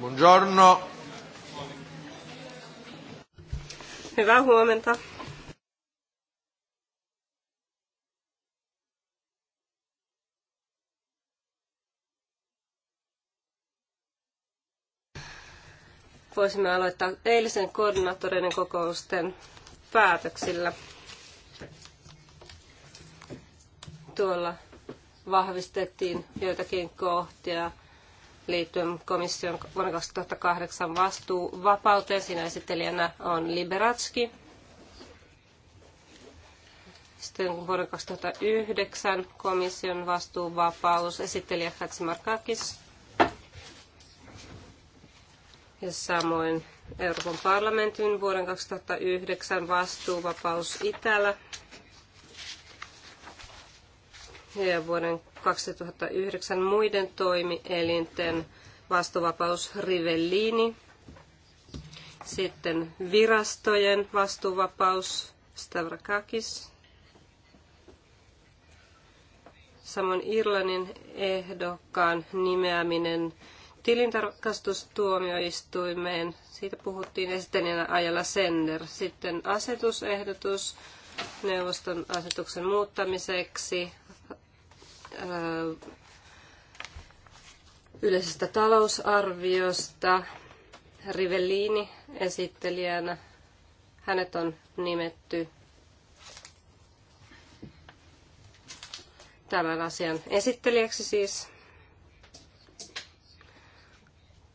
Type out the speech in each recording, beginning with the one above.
Buongiorno. Hyvää huomenta. Voisimme aloittaa eilisen koordinaattoreiden kokousten päätöksillä. Tuolla vahvistettiin joitakin kohtia liittyen komission vuonna 2008 vastuuvapauteen. Siinä esittelijänä on Liberatski. Sitten vuoden 2009 komission vastuuvapaus esittelijä Hatsimarkakis. Ja samoin Euroopan parlamentin vuoden 2009 vastuuvapaus Itälä. Ja vuoden 2009 muiden toimielinten vastuuvapaus Rivellini, sitten virastojen vastuuvapaus Stavrakakis, samoin Irlannin ehdokkaan nimeäminen tilintarkastustuomioistuimeen, siitä puhuttiin esittelijänä ajalla Sender. Sitten asetusehdotus neuvoston asetuksen muuttamiseksi, yleisestä talousarviosta. Rivellini esittelijänä. Hänet on nimetty tämän asian esittelijäksi siis.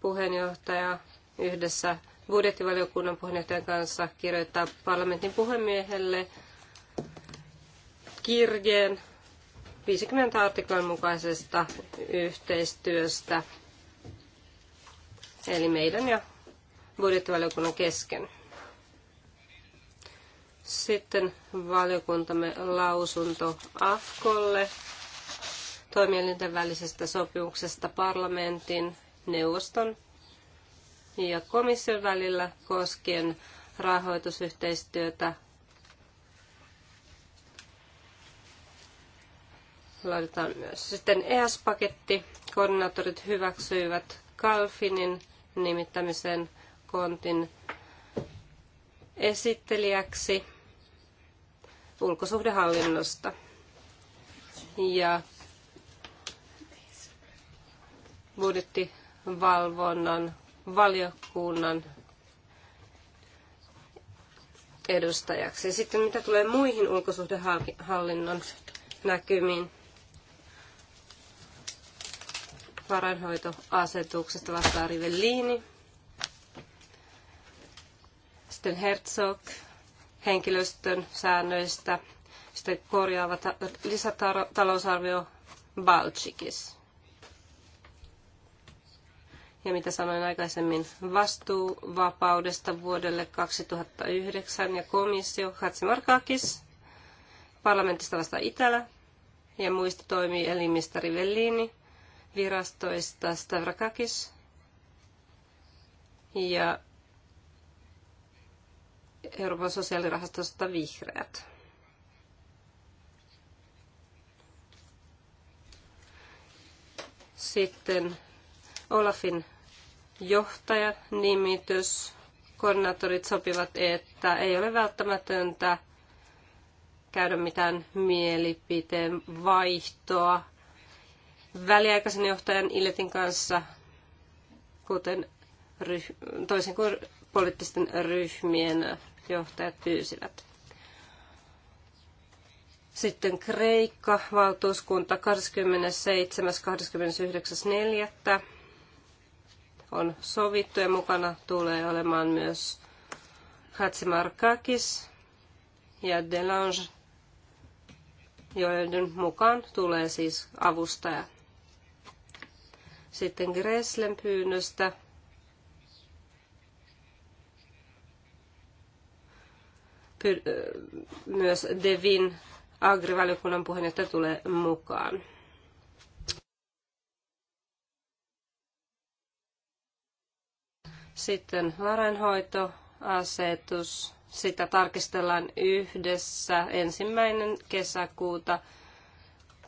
Puheenjohtaja yhdessä budjettivaliokunnan puheenjohtajan kanssa kirjoittaa parlamentin puhemiehelle kirjeen 50 artiklan mukaisesta yhteistyöstä, eli meidän ja budjettivaliokunnan kesken. Sitten valiokuntamme lausunto AFKolle toimielinten välisestä sopimuksesta parlamentin, neuvoston ja komission välillä koskien rahoitusyhteistyötä laitetaan myös. Sitten es paketti Koordinaattorit hyväksyivät Kalfinin nimittämisen kontin esittelijäksi ulkosuhdehallinnosta. Ja budjettivalvonnan valiokunnan edustajaksi. Sitten mitä tulee muihin ulkosuhdehallinnon näkymiin, varainhoitoasetuksesta vastaa Rivellini. Sitten Herzog henkilöstön säännöistä. Sitten korjaava ta- lisätalousarvio Balchikis. Ja mitä sanoin aikaisemmin, vastuuvapaudesta vuodelle 2009 ja komissio Hatsimarkakis, parlamentista vasta Itälä ja muista toimielimistä Rivellini virastoista Stavrakakis ja Euroopan sosiaalirahastosta Vihreät. Sitten Olafin johtaja nimitys. Koordinaattorit sopivat, että ei ole välttämätöntä käydä mitään mielipiteen vaihtoa väliaikaisen johtajan Iletin kanssa, kuten ryh- toisin kuin poliittisten ryhmien johtajat pyysivät. Sitten Kreikka, valtuuskunta 27.–29.4. on sovittu ja mukana tulee olemaan myös Hatsimarkakis ja Delange, joiden mukaan tulee siis avustaja sitten Greslen pyynnöstä äh, myös Devin agrivaliokunnan puheenjohtaja tulee mukaan. Sitten varainhoitoasetus. Sitä tarkistellaan yhdessä ensimmäinen kesäkuuta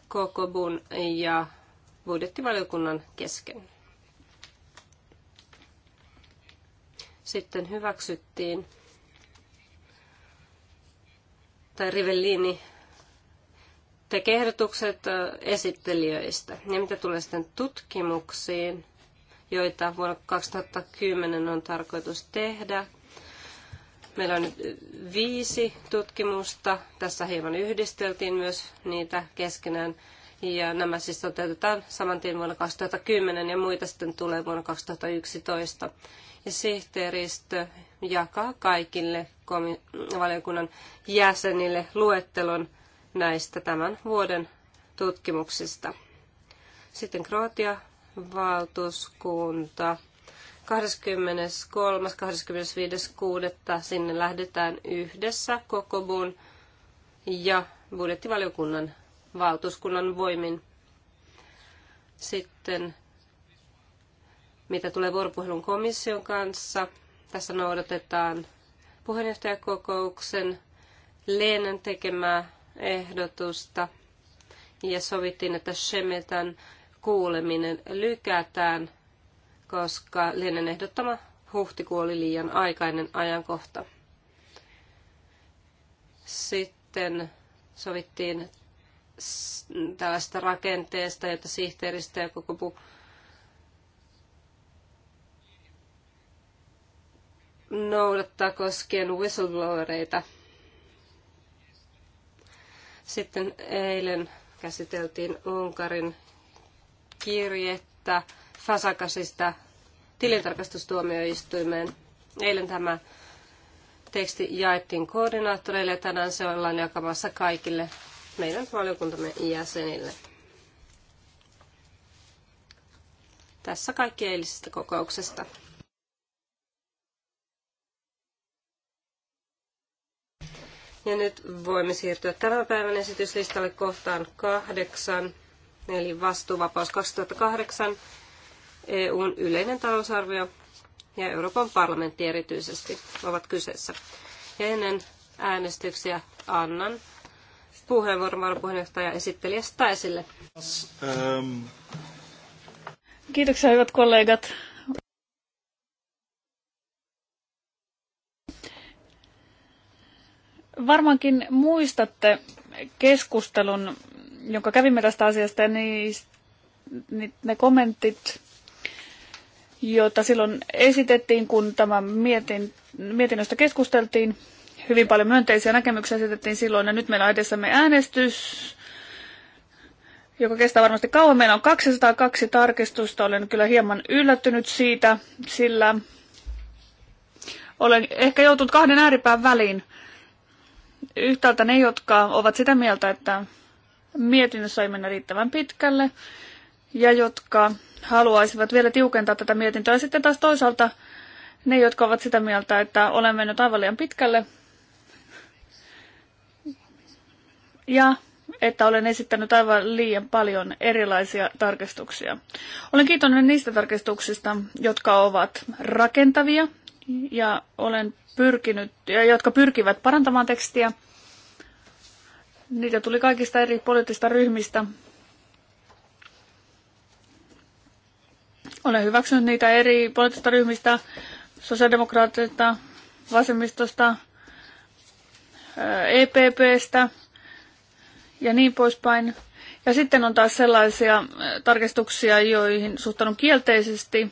Kokobun ja budjettivaliokunnan kesken. Sitten hyväksyttiin, tai Rivellini tekee ehdotukset esittelijöistä. Ja mitä tulee sitten tutkimuksiin, joita vuonna 2010 on tarkoitus tehdä, Meillä on nyt viisi tutkimusta. Tässä hieman yhdisteltiin myös niitä keskenään. Ja nämä siis toteutetaan saman tien vuonna 2010 ja muita sitten tulee vuonna 2011. Ja sihteeristö jakaa kaikille valiokunnan jäsenille luettelon näistä tämän vuoden tutkimuksista. Sitten Kroatia, valtuuskunta. 23. 25.6. sinne lähdetään yhdessä kokobun ja budjettivaliokunnan valtuuskunnan voimin. Sitten mitä tulee vuoropuhelun komission kanssa, tässä noudatetaan puheenjohtajakokouksen Leenen tekemää ehdotusta ja sovittiin, että Shemetan kuuleminen lykätään, koska Leenen ehdottama huhtikuu oli liian aikainen ajankohta. Sitten sovittiin tällaista rakenteesta, jota sihteeristä ja koko pu... noudattaa koskien whistleblowereita. Sitten eilen käsiteltiin Unkarin kirjettä Fasakasista tilintarkastustuomioistuimeen. Eilen tämä teksti jaettiin koordinaattoreille ja tänään se ollaan jakamassa kaikille meidän valiokuntamme jäsenille. Tässä kaikki eilisestä kokouksesta. Ja nyt voimme siirtyä tämän päivän esityslistalle kohtaan kahdeksan, eli vastuuvapaus 2008, EUn yleinen talousarvio ja Euroopan parlamentti erityisesti ovat kyseessä. Ja ennen äänestyksiä annan puheenvuoron varapuheenjohtaja esittelijä Staisille. Ähm. Kiitoksia hyvät kollegat. Varmaankin muistatte keskustelun, jonka kävimme tästä asiasta, niin ne kommentit, joita silloin esitettiin, kun tämä mietin, mietinnöstä keskusteltiin, Hyvin paljon myönteisiä näkemyksiä esitettiin silloin ja nyt meillä on edessämme äänestys, joka kestää varmasti kauan. Meillä on 202 tarkistusta. Olen kyllä hieman yllättynyt siitä, sillä olen ehkä joutunut kahden ääripään väliin. Yhtäältä ne, jotka ovat sitä mieltä, että mietinnössä ei mennä riittävän pitkälle, ja jotka haluaisivat vielä tiukentaa tätä mietintöä. Ja sitten taas toisaalta ne, jotka ovat sitä mieltä, että olen mennyt aivan liian pitkälle. ja että olen esittänyt aivan liian paljon erilaisia tarkistuksia. Olen kiitollinen niistä tarkistuksista, jotka ovat rakentavia ja olen pyrkinyt, ja jotka pyrkivät parantamaan tekstiä. Niitä tuli kaikista eri poliittista ryhmistä. Olen hyväksynyt niitä eri poliittista ryhmistä, sosiaalidemokraateista, vasemmistosta, EPPstä – ja niin poispäin. Ja sitten on taas sellaisia äh, tarkistuksia, joihin suhtaudun kielteisesti.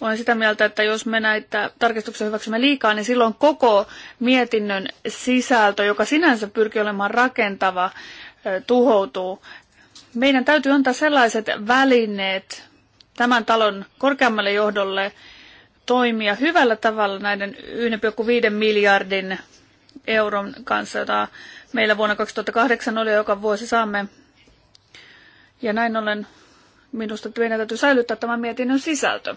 Olen sitä mieltä, että jos me näitä tarkistuksia hyväksymme liikaa, niin silloin koko mietinnön sisältö, joka sinänsä pyrkii olemaan rakentava, äh, tuhoutuu. Meidän täytyy antaa sellaiset välineet tämän talon korkeammalle johdolle toimia hyvällä tavalla näiden 1,5 miljardin euron kanssa, jota meillä vuonna 2008 oli, joka vuosi saamme. Ja näin ollen minusta meidän täytyy säilyttää tämän mietinnön sisältö.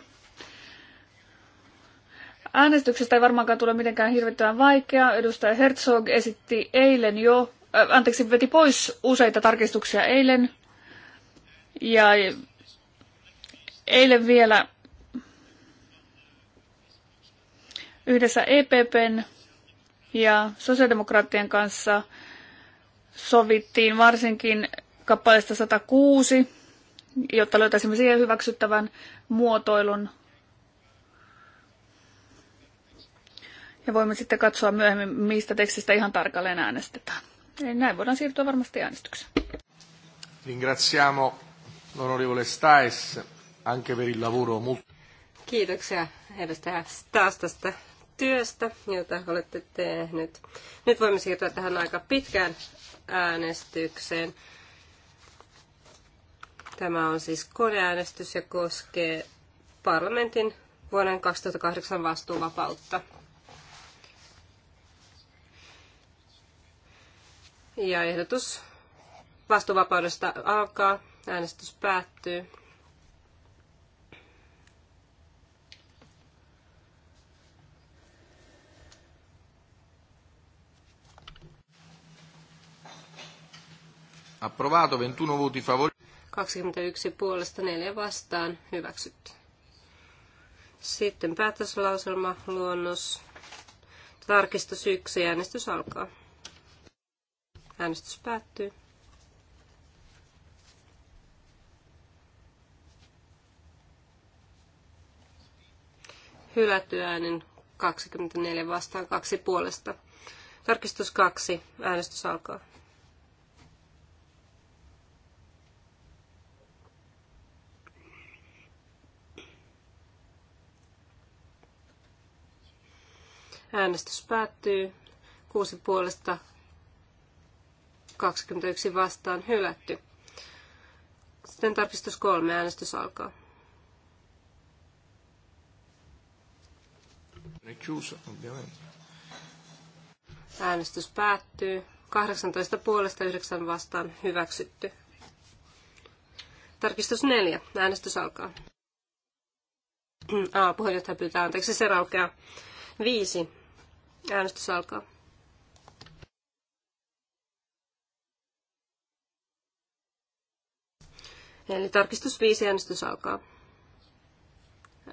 Äänestyksestä ei varmaankaan tule mitenkään hirvittävän vaikeaa. Edustaja Herzog esitti eilen jo, äh, anteeksi, veti pois useita tarkistuksia eilen. Ja eilen vielä yhdessä EPPn ja sosiaalidemokraattien kanssa sovittiin varsinkin kappaleesta 106, jotta löytäisimme siihen hyväksyttävän muotoilun. Ja voimme sitten katsoa myöhemmin, mistä tekstistä ihan tarkalleen äänestetään. Eli näin voidaan siirtyä varmasti äänestykseen. Ringraziamo l'onorevole Stais anche per il lavoro molto... Kiitoksia edustaja Staas tästä työstä, jota olette tehnyt. Nyt voimme siirtyä tähän aika pitkään äänestykseen. Tämä on siis koneäänestys ja koskee parlamentin vuoden 2008 vastuuvapautta. Ja ehdotus vastuuvapaudesta alkaa. Äänestys päättyy. Approvato 21 voti favorevoli. 21 puolesta 4 vastaan hyväksytty. Sitten päätöslauselma luonnos. Tarkistus 1. Äänestys alkaa. Äänestys päättyy. Hylätty äänen 24 vastaan 2 puolesta. Tarkistus 2. Äänestys alkaa. Äänestys päättyy. Kuusi puolesta 21 vastaan hylätty. Sitten tarkistus kolme. Äänestys alkaa. Äänestys päättyy. 18 puolesta 9 vastaan hyväksytty. Tarkistus 4. Äänestys alkaa. A. Puheenjohtaja pyytää anteeksi. Se raukeaa. 5. Äänestys alkaa. Eli tarkistus 5 äänestys alkaa.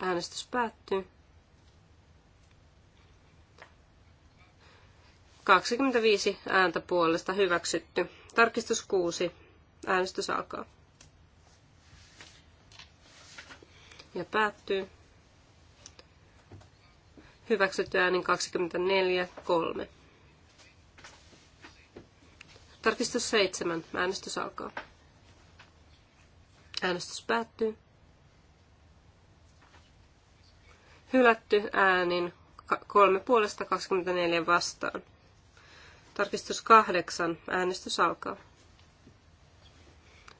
Äänestys päättyy. 25 ääntä puolesta hyväksytty. Tarkistus 6. Äänestys alkaa. Ja päättyy hyväksytty äänin 24.3. Tarkistus 7. Äänestys alkaa. Äänestys päättyy. Hylätty äänin 3 puolesta 24 vastaan. Tarkistus 8. Äänestys alkaa.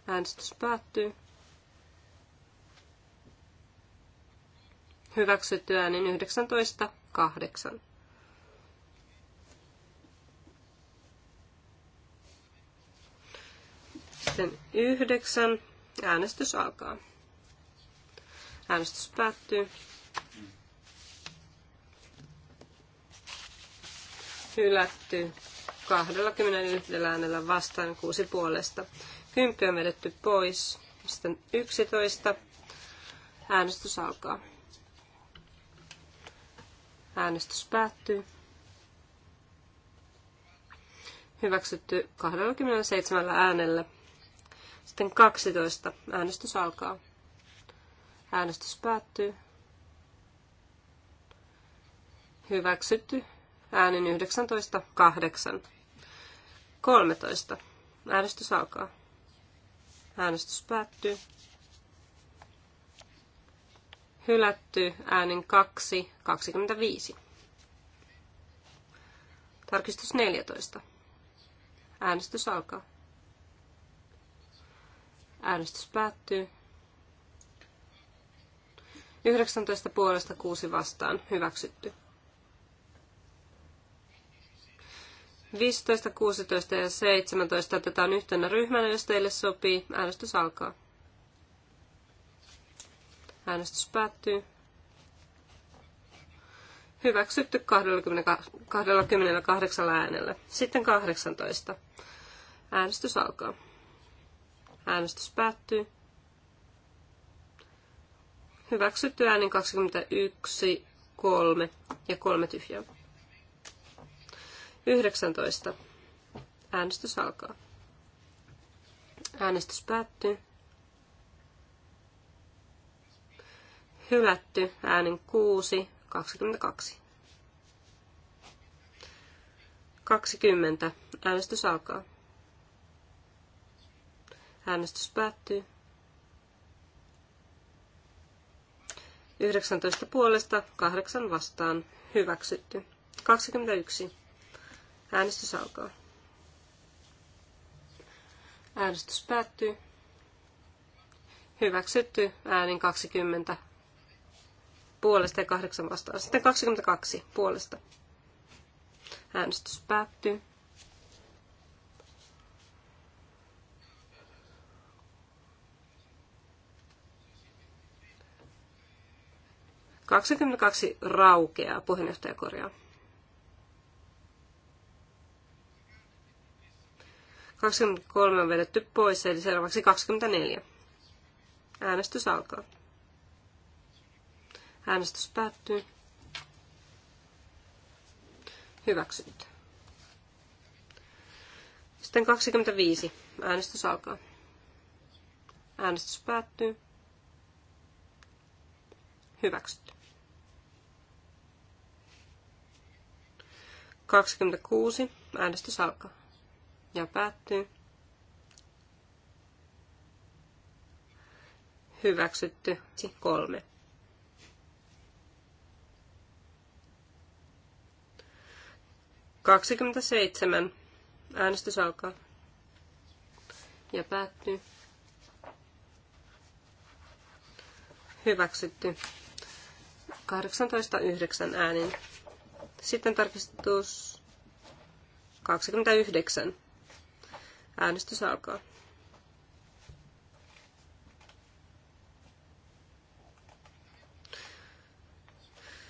Äänestys päättyy. Hyväksytty äänin 19 kahdeksan. Sitten yhdeksän. Äänestys alkaa. Äänestys päättyy. Hylätty 21 äänellä vastaan kuusi puolesta. Kymppi on vedetty pois. Sitten 11. Äänestys alkaa. Äänestys päättyy. Hyväksytty 27 äänellä. Sitten 12. Äänestys alkaa. Äänestys päättyy. Hyväksytty äänin 8. 13. Äänestys alkaa. Äänestys päättyy hylätty äänin 2, 25. Tarkistus 14. Äänestys alkaa. Äänestys päättyy. 19 puolesta 6 vastaan. Hyväksytty. 15, 16 ja 17 otetaan yhtenä ryhmänä, jos teille sopii. Äänestys alkaa. Äänestys päättyy. Hyväksytty 28 äänellä. Sitten 18. Äänestys alkaa. Äänestys päättyy. Hyväksytty äänin 21, 3 ja 3 tyhjää. 19. Äänestys alkaa. Äänestys päättyy. hylätty äänin 6, 22. 20. Äänestys alkaa. Äänestys päättyy. 19 puolesta, 8 vastaan. Hyväksytty. 21. Äänestys alkaa. Äänestys päättyy. Hyväksytty äänin 20 puolesta ja kahdeksan vastaan. Sitten 22 puolesta. Äänestys päättyy. Kaksikymmentäkaksi raukeaa puheenjohtajakorjaa. 23 on vedetty pois, eli seuraavaksi 24. Äänestys alkaa. Äänestys päättyy. Hyväksytty. Sitten 25. Äänestys alkaa. Äänestys päättyy. Hyväksytty. 26. Äänestys alkaa. Ja päättyy. Hyväksytty. 3. 27. Äänestys alkaa. Ja päättyy. Hyväksytty. 18.9 äänin. Sitten tarkistus 29. Äänestys alkaa.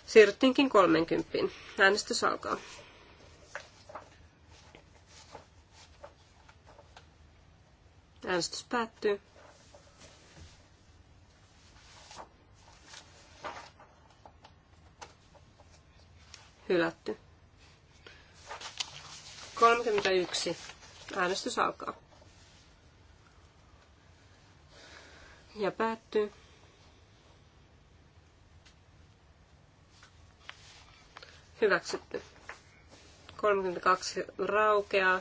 Siirryttiinkin 30. Äänestys alkaa. Äänestys päättyy. Hylätty. 31. Äänestys alkaa. Ja päättyy. Hyväksytty. 32 raukeaa.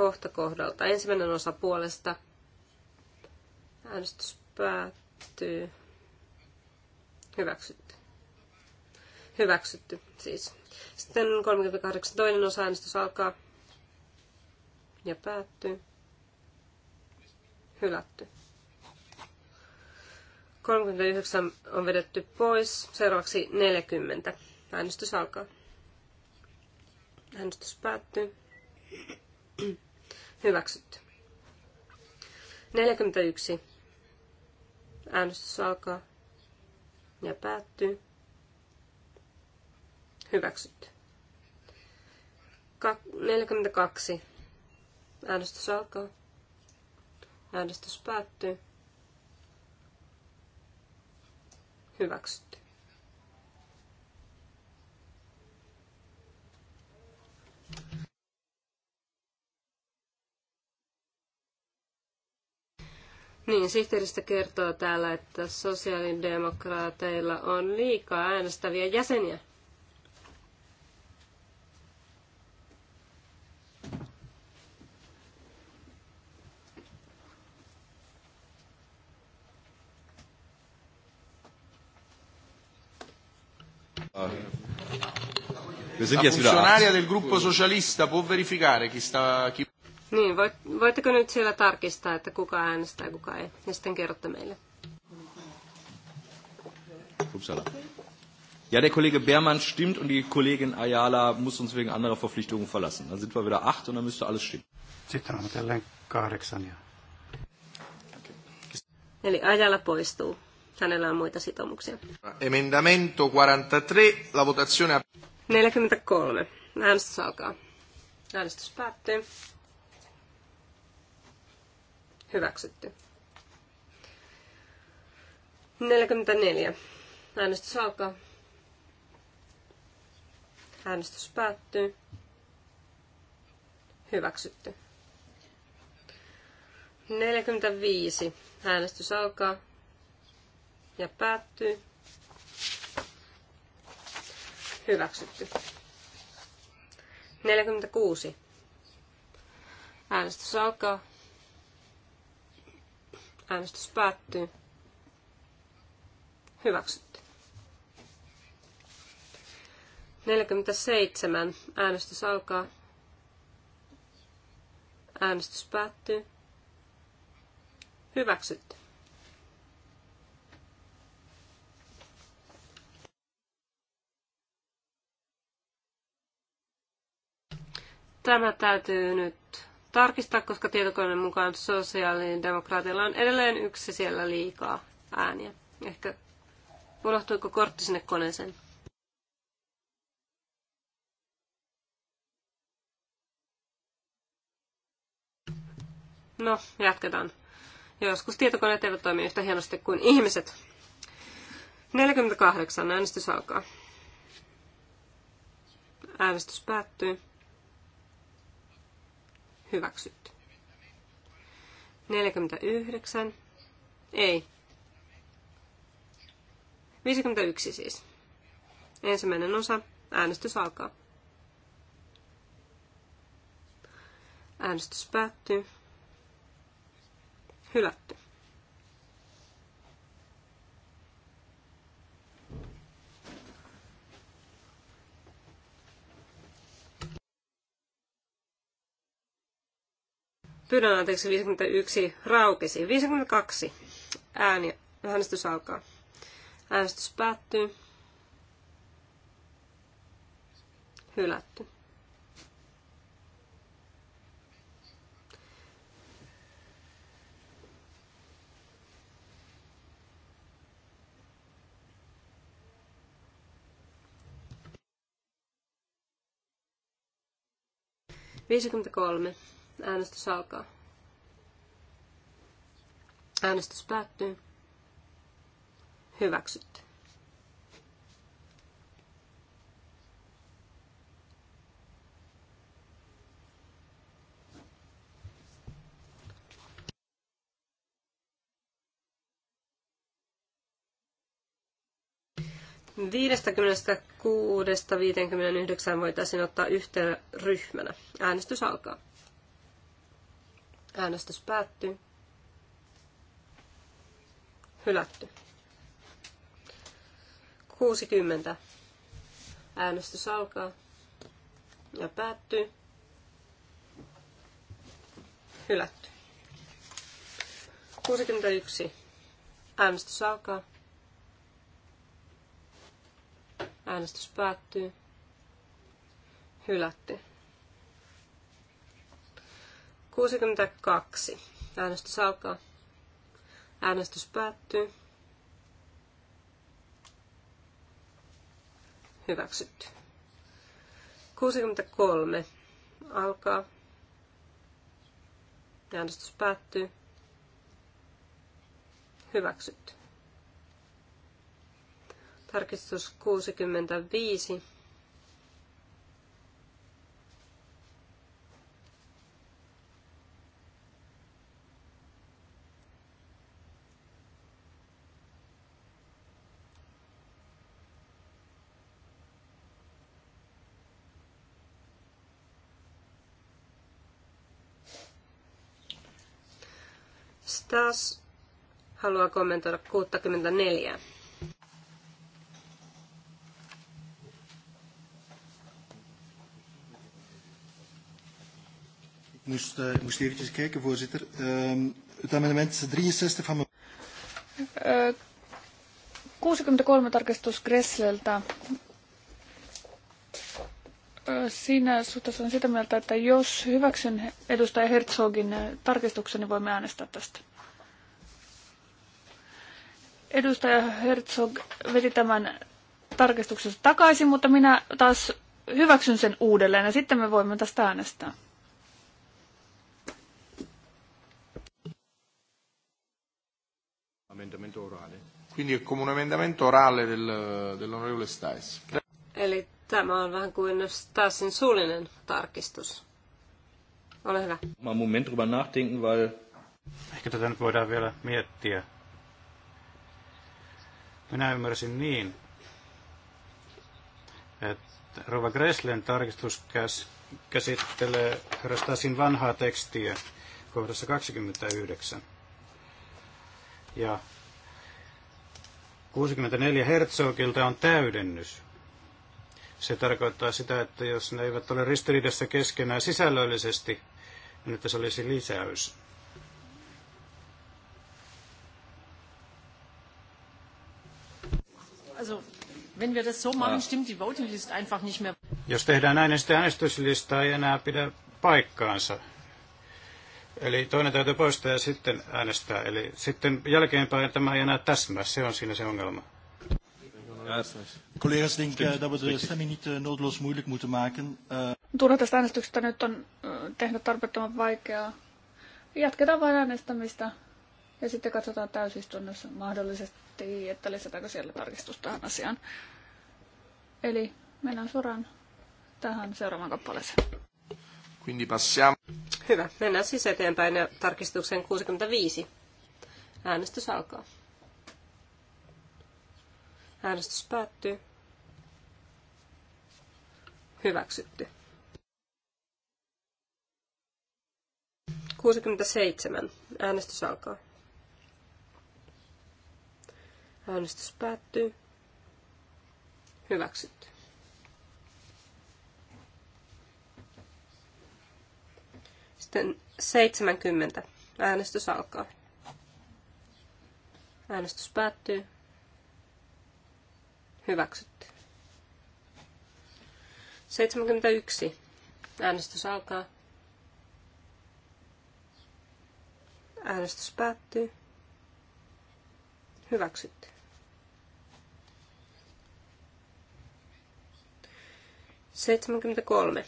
kohta kohdalta. Ensimmäinen osa puolesta. Äänestys päättyy. Hyväksytty. Hyväksytty siis. Sitten 38 toinen osa äänestys alkaa ja päättyy. Hylätty. 39 on vedetty pois. Seuraavaksi 40. Äänestys alkaa. Äänestys päättyy. Hyväksytty. 41. Äänestys alkaa ja päättyy. Hyväksytty. 42. Äänestys alkaa. Äänestys päättyy. Hyväksytty. Niin, sihteeristä kertoo täällä, että sosiaalidemokraateilla on liikaa äänestäviä jäseniä. Ah. La funzionaria del gruppo socialista può verificare chi sta... Chi... Niin, voit, voitteko nyt siellä tarkistaa, että kuka äänestää ja kuka ei, ja sitten kerrotte meille. Upsala. Ja, der Kollege Bermann stimmt und die Kollegin Ayala muss uns wegen anderer Verpflichtungen verlassen. Dann sind wir wieder acht und dann müsste alles stimmen. Sitten on jälleen kahdeksan ja... Eli Ayala poistuu. Hänellä on muita sitoumuksia. Emendamento 43, la votazione... 43. Äänestys alkaa. Äänestys päättyy. Hyväksytty. 44. Äänestys alkaa. Äänestys päättyy. Hyväksytty. 45. Äänestys alkaa ja päättyy. Hyväksytty. 46. Äänestys alkaa Äänestys päättyy. Hyväksytty. 47. Äänestys alkaa. Äänestys päättyy. Hyväksytty. Tämä täytyy nyt tarkistaa, koska tietokoneen mukaan sosiaalinen demokraatilla on edelleen yksi siellä liikaa ääniä. Ehkä unohtuiko kortti sinne koneeseen? No, jatketaan. Joskus tietokoneet eivät toimi yhtä hienosti kuin ihmiset. 48. Äänestys alkaa. Äänestys päättyy hyväksytty. 49, ei. 51 siis. Ensimmäinen osa, äänestys alkaa. Äänestys päättyy. Hylätty. Pyydän anteeksi 51 raukesi. 52 ääni. Äänestys alkaa. Äänestys päättyy. Hylätty. Viisikymmentä kolme. Äänestys alkaa. Äänestys päättyy. Hyväksytty. kuudesta voitaisiin ottaa yhteen ryhmänä. Äänestys alkaa. Äänestys päättyy. Hylätty. 60. Äänestys alkaa ja päättyy. Hylätty. 61. Äänestys alkaa. Äänestys päättyy. Hylätty. 62. Äänestys alkaa. Äänestys päättyy. Hyväksytty. 63. Alkaa. Äänestys päättyy. Hyväksytty. Tarkistus 65. taas haluaa kommentoida 64. moest, uh, moest eventjes kijken, voorzitter. Uh, het amendement 63 van... Uh, eh, 63 tarkistus Gressleltä. Eh, siinä suhteessa on sitä mieltä, että jos hyväksyn edustaja Herzogin tarkistuksen, niin voimme äänestää tästä. Edustaja Herzog veti tämän tarkistuksen takaisin, mutta minä taas hyväksyn sen uudelleen ja sitten me voimme tästä äänestää. Amendamento orale. Quindi è come un emendamento orale del, dell'onorevole Stais. Eli tämä on vähän kuin Stasin suullinen tarkistus. Ole hyvä. Mä mun drüber nachdenken, weil... Ehkä tätä nyt voidaan vielä miettiä minä ymmärsin niin, että Rova Greslen tarkistus käsittelee Rastasin vanhaa tekstiä kohdassa 29. Ja 64 Herzogilta on täydennys. Se tarkoittaa sitä, että jos ne eivät ole ristiriidassa keskenään sisällöllisesti, niin että se olisi lisäys. Wenn wir das so machen, ah. stimmt die voting list einfach nicht mehr. Jos tehdään näin, niin äänestyslista ei enää pidä paikkaansa. Eli toinen täytyy poistaa ja sitten äänestää. Eli sitten jälkeenpäin tämä ei enää täsmää. Se on siinä se ongelma. Collega's denken dat we de stemming niet eh, noodloos moeilijk moeten maken. Eh. Turha tästä äänestyksestä nyt on eh, tehnyt tarpeettoman vaikeaa. Jatketaan vain äänestämistä. Ja sitten katsotaan täysistunnossa mahdollisesti, että lisätäänkö siellä tarkistus tähän asiaan. Eli mennään suoraan tähän seuraavaan kappaleeseen. Quindi passiamo. Hyvä, mennään siis eteenpäin ja tarkistukseen 65. Äänestys alkaa. Äänestys päättyy. Hyväksytty. 67. Äänestys alkaa. Äänestys päättyy. Hyväksytty. Sitten 70. Äänestys alkaa. Äänestys päättyy. Hyväksytty. 71. Äänestys alkaa. Äänestys päättyy. Hyväksytty. 73.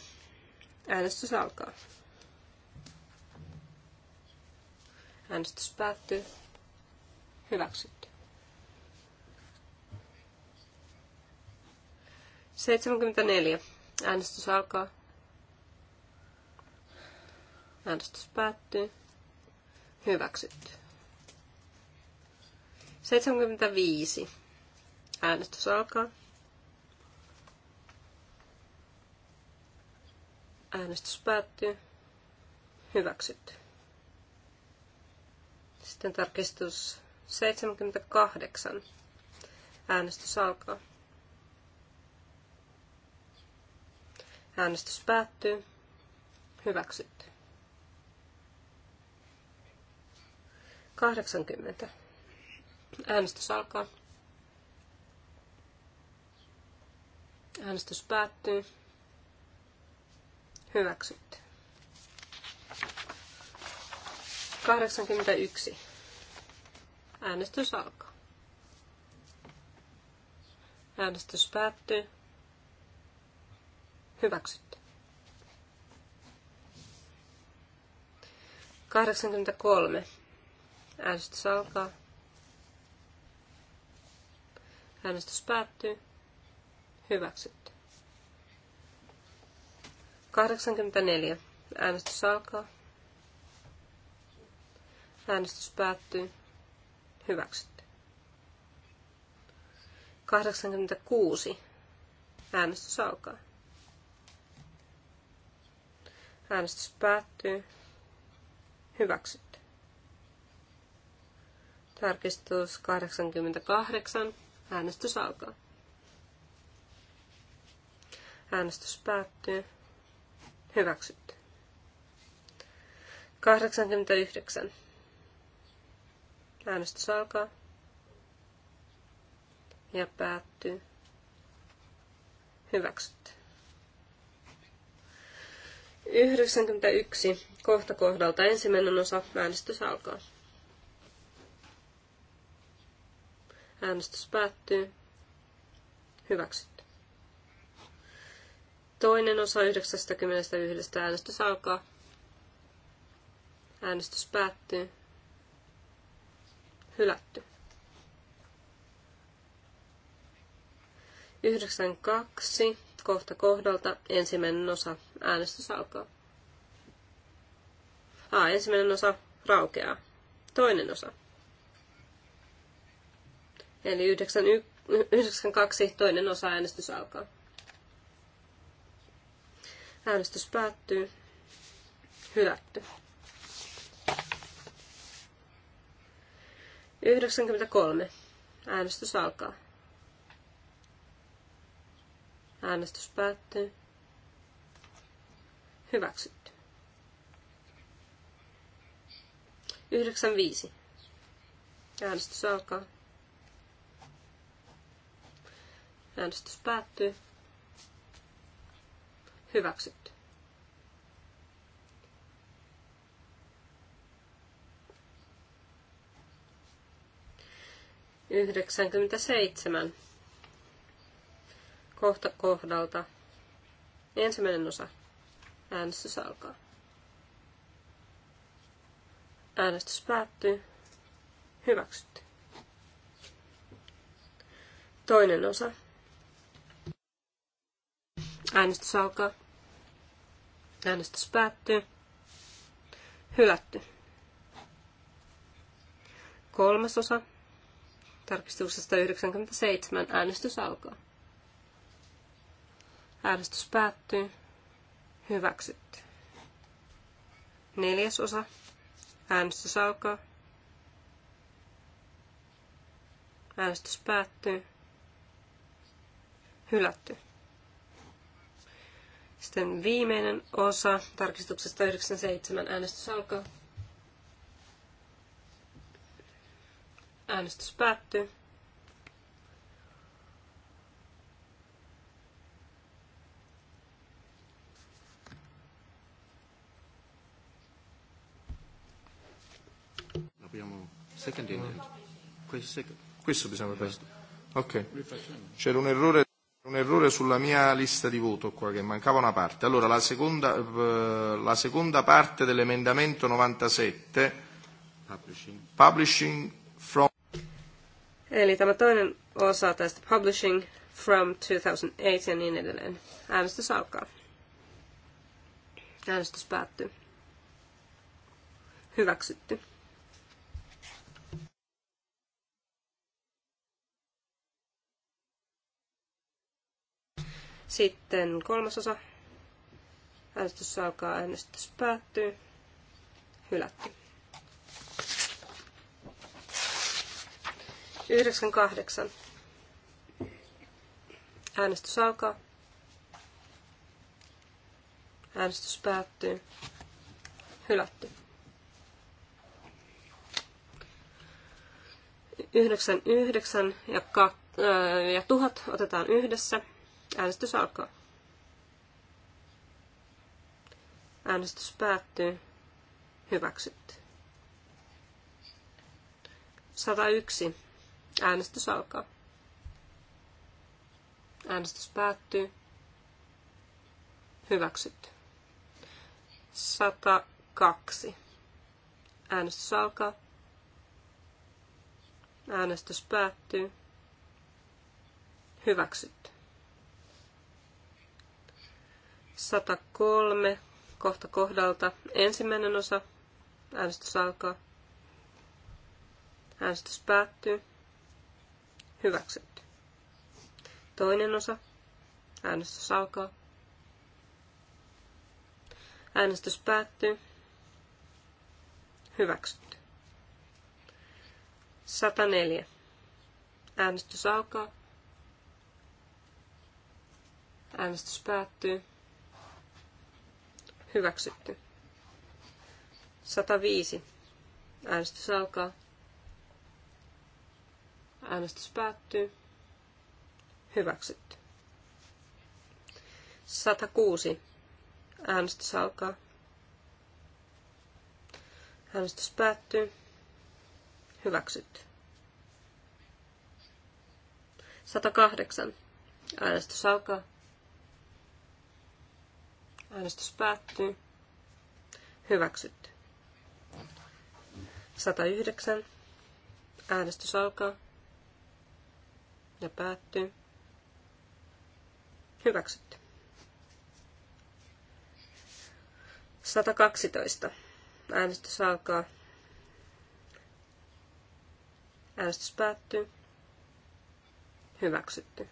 Äänestys alkaa. Äänestys päättyy. Hyväksytty. 74. Äänestys alkaa. Äänestys päättyy. Hyväksytty. 75. Äänestys alkaa. Äänestys päättyy. Hyväksytty. Sitten tarkistus 78. Äänestys alkaa. Äänestys päättyy. Hyväksytty. 80. Äänestys alkaa. Äänestys päättyy. Hyväksytty. 81. Äänestys alkaa. Äänestys päättyy. Hyväksytty. 83. Äänestys alkaa. Äänestys päättyy. Hyväksytty. 84. Äänestys alkaa. Äänestys päättyy. Hyväksytty. 86. Äänestys alkaa. Äänestys päättyy. Hyväksytty. Tarkistus 88. Äänestys alkaa. Äänestys päättyy. Hyväksytty. 89. Äänestys alkaa. Ja päättyy. Hyväksytty. 91. Kohta kohdalta ensimmäinen osa. Äänestys alkaa. Äänestys päättyy. Hyväksytty. Toinen osa 91 äänestys alkaa. Äänestys päättyy. Hylätty. 92 kohta kohdalta ensimmäinen osa äänestys alkaa. A, ensimmäinen osa raukeaa. Toinen osa. Eli 92 toinen osa äänestys alkaa. Äänestys päättyy. Hylätty. 93. Äänestys alkaa. Äänestys päättyy. Hyväksytty. 95. Äänestys alkaa. Äänestys päättyy. Hyväksytty. Yhdeksänkymmentäseitsemän. Kohta kohdalta. Ensimmäinen osa. Äänestys alkaa. Äänestys päättyy. Hyväksytty. Toinen osa. Äänestys alkaa. Äänestys päättyy. Hylätty. Kolmasosa. Tarkistuksesta 97 äänestys alkaa. Äänestys päättyy. Hyväksytty. Neljäsosa. Äänestys alkaa. Äänestys päättyy. Hylätty. Sitten viimeinen osa tarkistuksesta 97 äänestys alkaa. Äänestys päättyy. Abbiamo second mm. Questo bisogna questo. Ok. C'era un errore un errore sulla mia lista di voto qua, che mancava una parte. Allora, la seconda, eh, la seconda parte dell'emendamento 97, publishing. publishing from... Eli tämä toinen osa tästä publishing from 2008 ja niin edelleen. Äänestys alkaa. Äänestys päättyy. Hyväksytty. Sitten kolmasosa. Äänestys alkaa, äänestys päättyy. Hylätty. 98. Äänestys alkaa. Äänestys päättyy. Hylätty. 99 ja, ka, äh, ja 1000 otetaan yhdessä. Äänestys alkaa. Äänestys päättyy. Hyväksytty. 101. Äänestys alkaa. Äänestys päättyy. Hyväksytty. 102. Äänestys alkaa. Äänestys päättyy. Hyväksytty. 103 kohta kohdalta. Ensimmäinen osa. Äänestys alkaa. Äänestys päättyy. Hyväksytty. Toinen osa. Äänestys alkaa. Äänestys päättyy. Hyväksytty. 104. Äänestys alkaa. Äänestys päättyy. Hyväksytty. 105. Äänestys alkaa. Äänestys päättyy. Hyväksytty. 106. Äänestys alkaa. Äänestys päättyy. Hyväksytty. 108. Äänestys alkaa. Äänestys päättyy. Hyväksytty. 109. Äänestys alkaa ja päättyy. Hyväksytty. 112. Äänestys alkaa. Äänestys päättyy. Hyväksytty.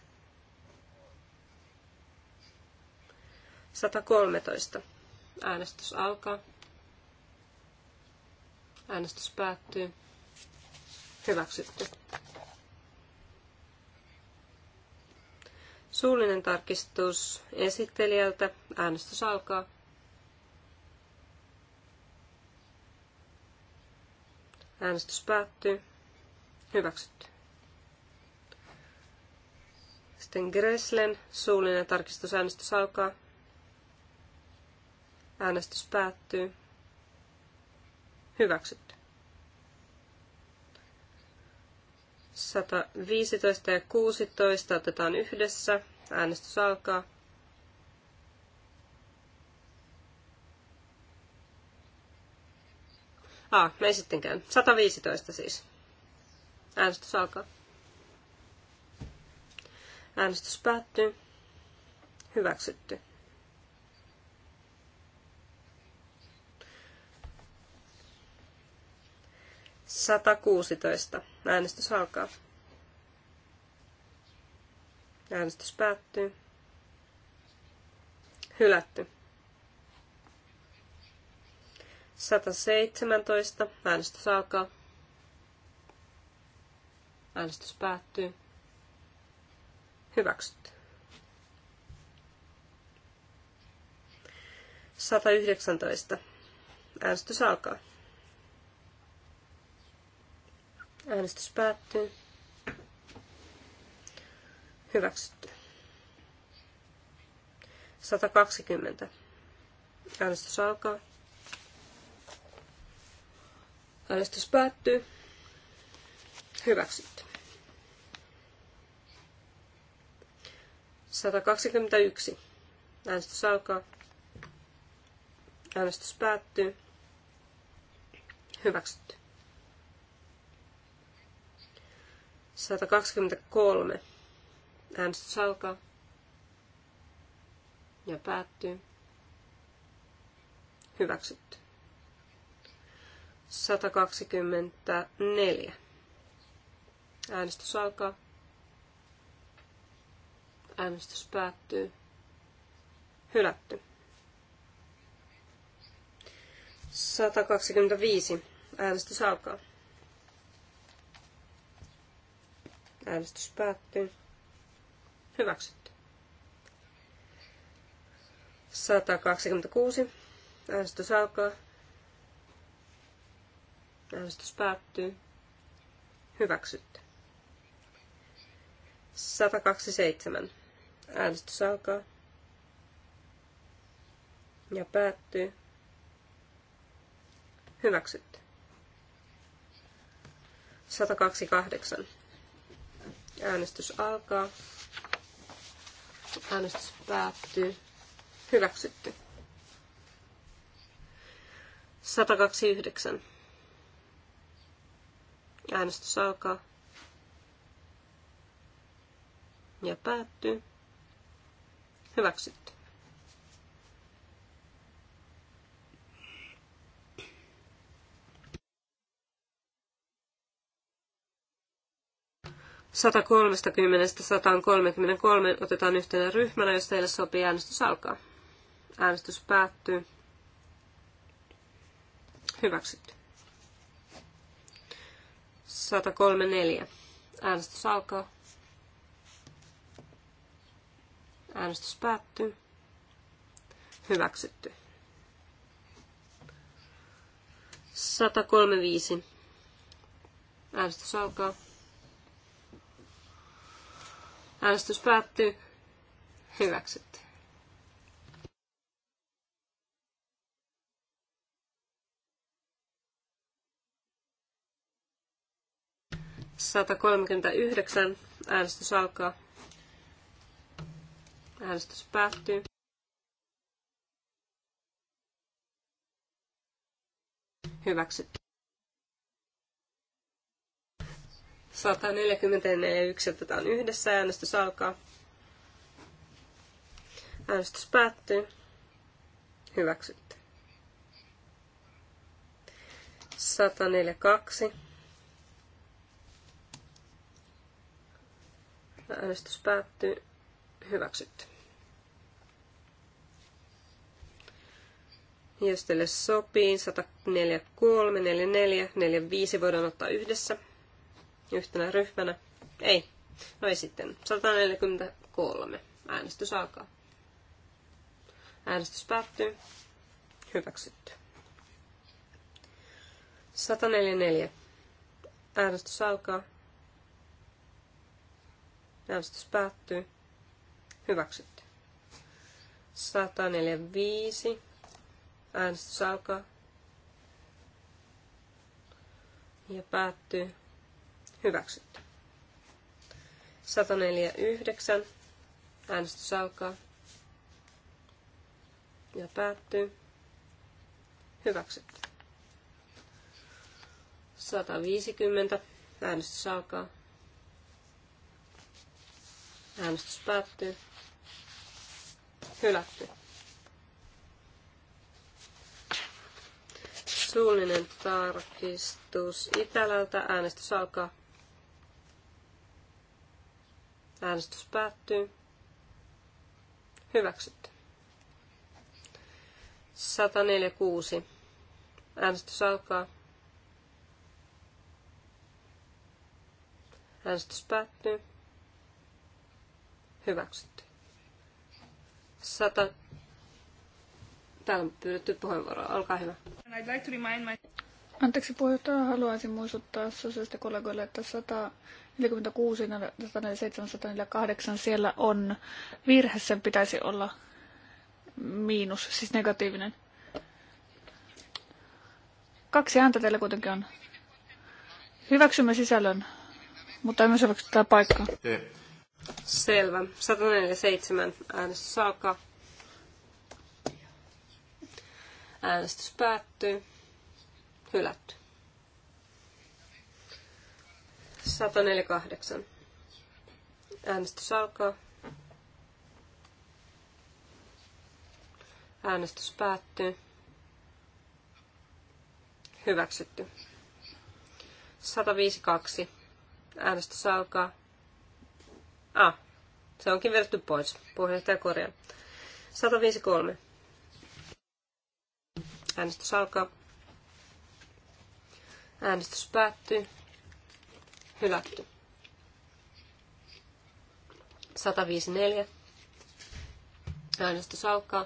113. Äänestys alkaa. Äänestys päättyy. Hyväksytty. Suullinen tarkistus esittelijältä. Äänestys alkaa. Äänestys päättyy. Hyväksytty. Sitten Greslen suullinen äänestys alkaa. Äänestys päättyy. Hyväksytty. 115 ja 16 otetaan yhdessä. Äänestys alkaa. Ah, ei sittenkään. 115 siis. Äänestys alkaa. Äänestys päättyy. Hyväksytty. 116. Äänestys alkaa. Äänestys päättyy. Hylätty. 117. Äänestys alkaa. Äänestys päättyy. Hyväksytty. 119. Äänestys alkaa. Äänestys päättyy. Hyväksytty. 120. Äänestys alkaa. Äänestys päättyy. Hyväksytty. 121. Äänestys alkaa. Äänestys päättyy. Hyväksytty. 123. Äänestys alkaa ja päättyy. Hyväksytty. 124. Äänestys alkaa. Äänestys päättyy. Hylätty. 125. Äänestys alkaa. Äänestys päättyy. Hyväksytty. 126. Äänestys alkaa. Äänestys päättyy. Hyväksytty. 127. Äänestys alkaa. Ja päättyy. Hyväksytty. 128. Äänestys alkaa. Äänestys päättyy. Hyväksytty. 129. Äänestys alkaa. Ja päättyy. Hyväksytty. 130-133 otetaan yhtenä ryhmänä, jos teille sopii äänestys alkaa. Äänestys päättyy. Hyväksytty. 134. Äänestys alkaa. Äänestys päättyy. Hyväksytty. 135. Äänestys alkaa. Äänestys päättyy. Hyväksytty. Sata kolmekymmentäyhdeksän. Äänestys alkaa. Äänestys päättyy. Hyväksytty. 141 otetaan yhdessä. Äänestys alkaa. Äänestys päättyy. Hyväksytty. 142. Äänestys päättyy. Hyväksytty. Jos teille sopii, 143, 44, 45 voidaan ottaa yhdessä yhtenä ryhmänä. Ei. No ei sitten. 143. Äänestys alkaa. Äänestys päättyy. Hyväksytty. 144. Äänestys alkaa. Äänestys päättyy. Hyväksytty. 145. Äänestys alkaa. Ja päättyy. Hyväksytty. 149. Äänestys alkaa. Ja päättyy. Hyväksytty. 150. Äänestys alkaa. Äänestys päättyy. Hylätty. Suullinen tarkistus Itälältä. Äänestys alkaa. Äänestys päättyy. Hyväksytty. 146. Äänestys alkaa. Äänestys päättyy. Hyväksytty. 100. Täällä on pyydetty puheenvuoroa. Olkaa hyvä. Anteeksi puheenjohtaja, haluaisin muistuttaa sosiaalista kollegoille, että 100 46, 147, siellä on virhe, sen pitäisi olla miinus, siis negatiivinen. Kaksi ääntä teillä kuitenkin on. Hyväksymme sisällön, mutta emme hyväksy tätä paikkaa. Selvä. 147 äänestys alkaa. Äänestys päättyy. Hylätty. 148. Äänestys alkaa. Äänestys päättyy. Hyväksytty. 152. Äänestys alkaa. Ah, se onkin vedetty pois. Puheenjohtaja korjaa. 153. Äänestys alkaa. Äänestys päättyy. Hylätty. 154. Äänestys alkaa.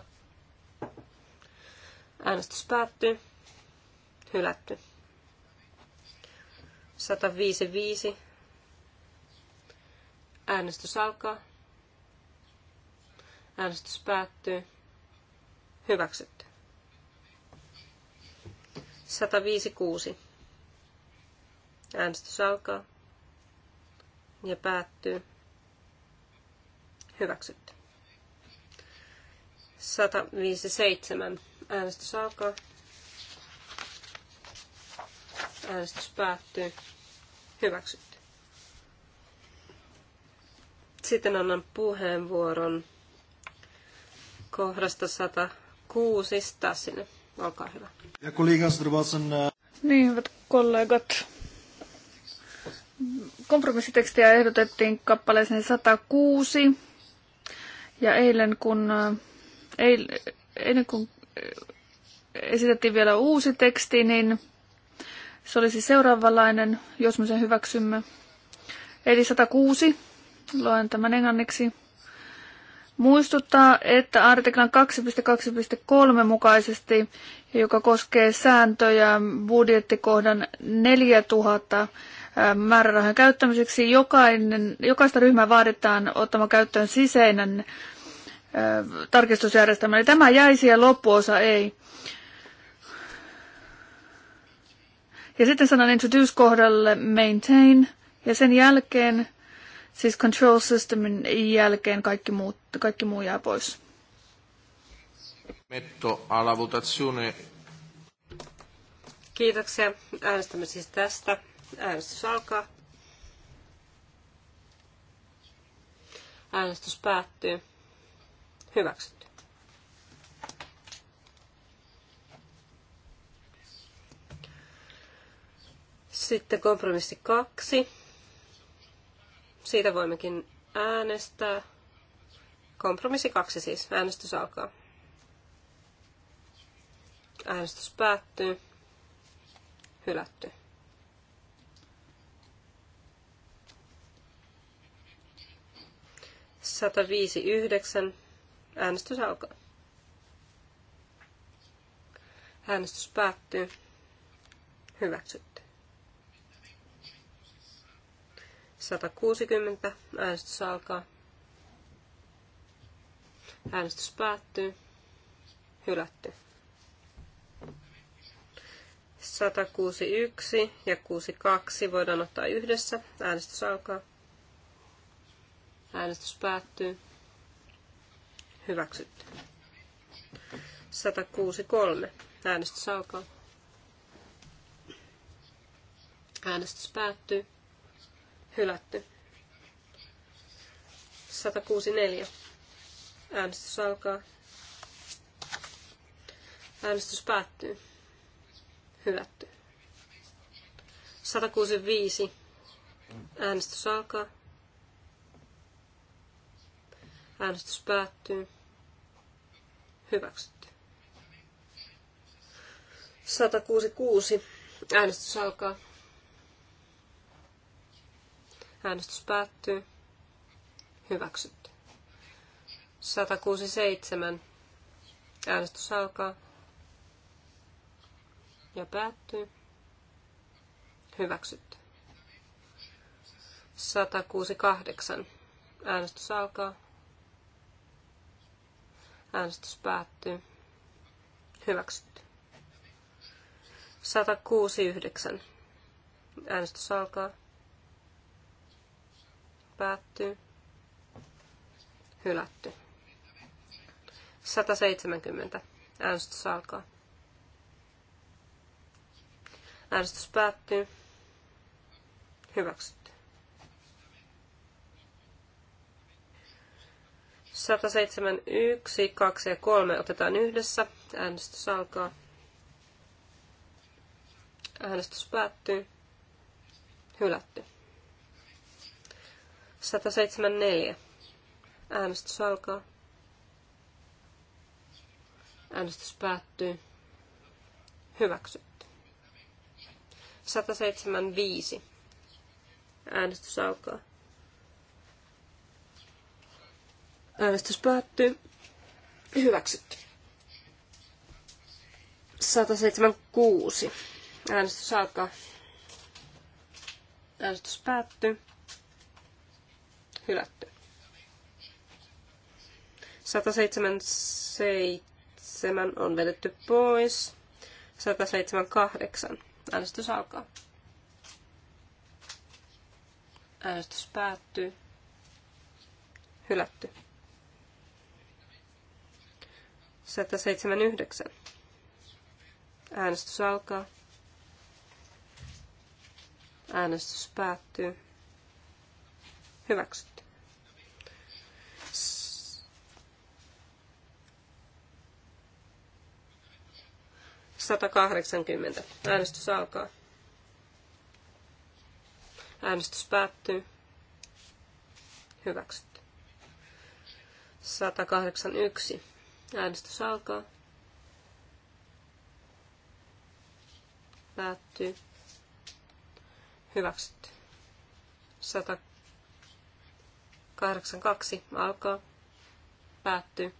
Äänestys päättyy. Hylätty. 155. Äänestys alkaa. Äänestys päättyy. Hyväksytty. 156. Äänestys alkaa ja päättyy. Hyväksytty. 157. Äänestys alkaa. Äänestys päättyy. Hyväksytty. Sitten annan puheenvuoron kohdasta 106 sinne. Olkaa hyvä. Ja kollegas, äh, Niin, hyvät kollegat, kompromissitekstiä ehdotettiin kappaleeseen 106. Ja eilen kun, äh, eil, eilen kun äh, esitettiin vielä uusi teksti, niin se olisi seuraavanlainen, jos me sen hyväksymme. Eli 106, luen tämän englanniksi, muistuttaa, että artiklan 2.2.3 mukaisesti, joka koskee sääntöjä budjettikohdan 4000 määrärahan käyttämiseksi. Jokainen, jokaista ryhmää vaaditaan ottamaan käyttöön sisäinen tarkistusjärjestelmä. Eli tämä jäisi ja loppuosa ei. Ja sitten sanan introduce kohdalle maintain ja sen jälkeen, siis control systemin jälkeen kaikki muu, kaikki muu jää pois. Metto alla votazione. Kiitoksia. Äänestämme siis tästä. Äänestys alkaa. Äänestys päättyy. Hyväksytty. Sitten kompromissi kaksi. Siitä voimmekin äänestää. Kompromissi kaksi siis. Äänestys alkaa. Äänestys päättyy. Hylätty. 159. Äänestys alkaa. Äänestys päättyy. Hyväksytty. 160. Äänestys alkaa. Äänestys päättyy. Hylätty. 161 ja 62 voidaan ottaa yhdessä. Äänestys alkaa. Äänestys päättyy. Hyväksytty. 106.3. Äänestys alkaa. Äänestys päättyy. Hylätty. 106.4. Äänestys alkaa. Äänestys päättyy. Hylätty. 165. Äänestys alkaa. Äänestys päättyy. Hyväksytty. 166. Äänestys alkaa. Äänestys päättyy. Hyväksytty. 167. Äänestys alkaa. Ja päättyy. Hyväksytty. 168. Äänestys alkaa. Äänestys päättyy. Hyväksytty. 169. Äänestys alkaa. Päättyy. Hylätty. 170. Äänestys alkaa. Äänestys päättyy. Hyväksytty. 107, 1, 2 ja 3 otetaan yhdessä. Äänestys alkaa. Äänestys päättyy. Hylätty. 174. Äänestys alkaa. Äänestys päättyy. Hyväksytty. 175. Äänestys alkaa. Äänestys päättyy. Hyväksytty. 176. Äänestys alkaa. Äänestys päättyy. Hylätty. 177 on vedetty pois. 178. Äänestys alkaa. Äänestys päättyy. Hylätty. 179. Äänestys alkaa. Äänestys päättyy. Hyväksytty. Satakahdeksankymmentä. Äänestys alkaa. Äänestys päättyy. Hyväksytty. 181. Äänestys alkaa. Päättyy. Hyväksytty. 182 alkaa. Päättyy.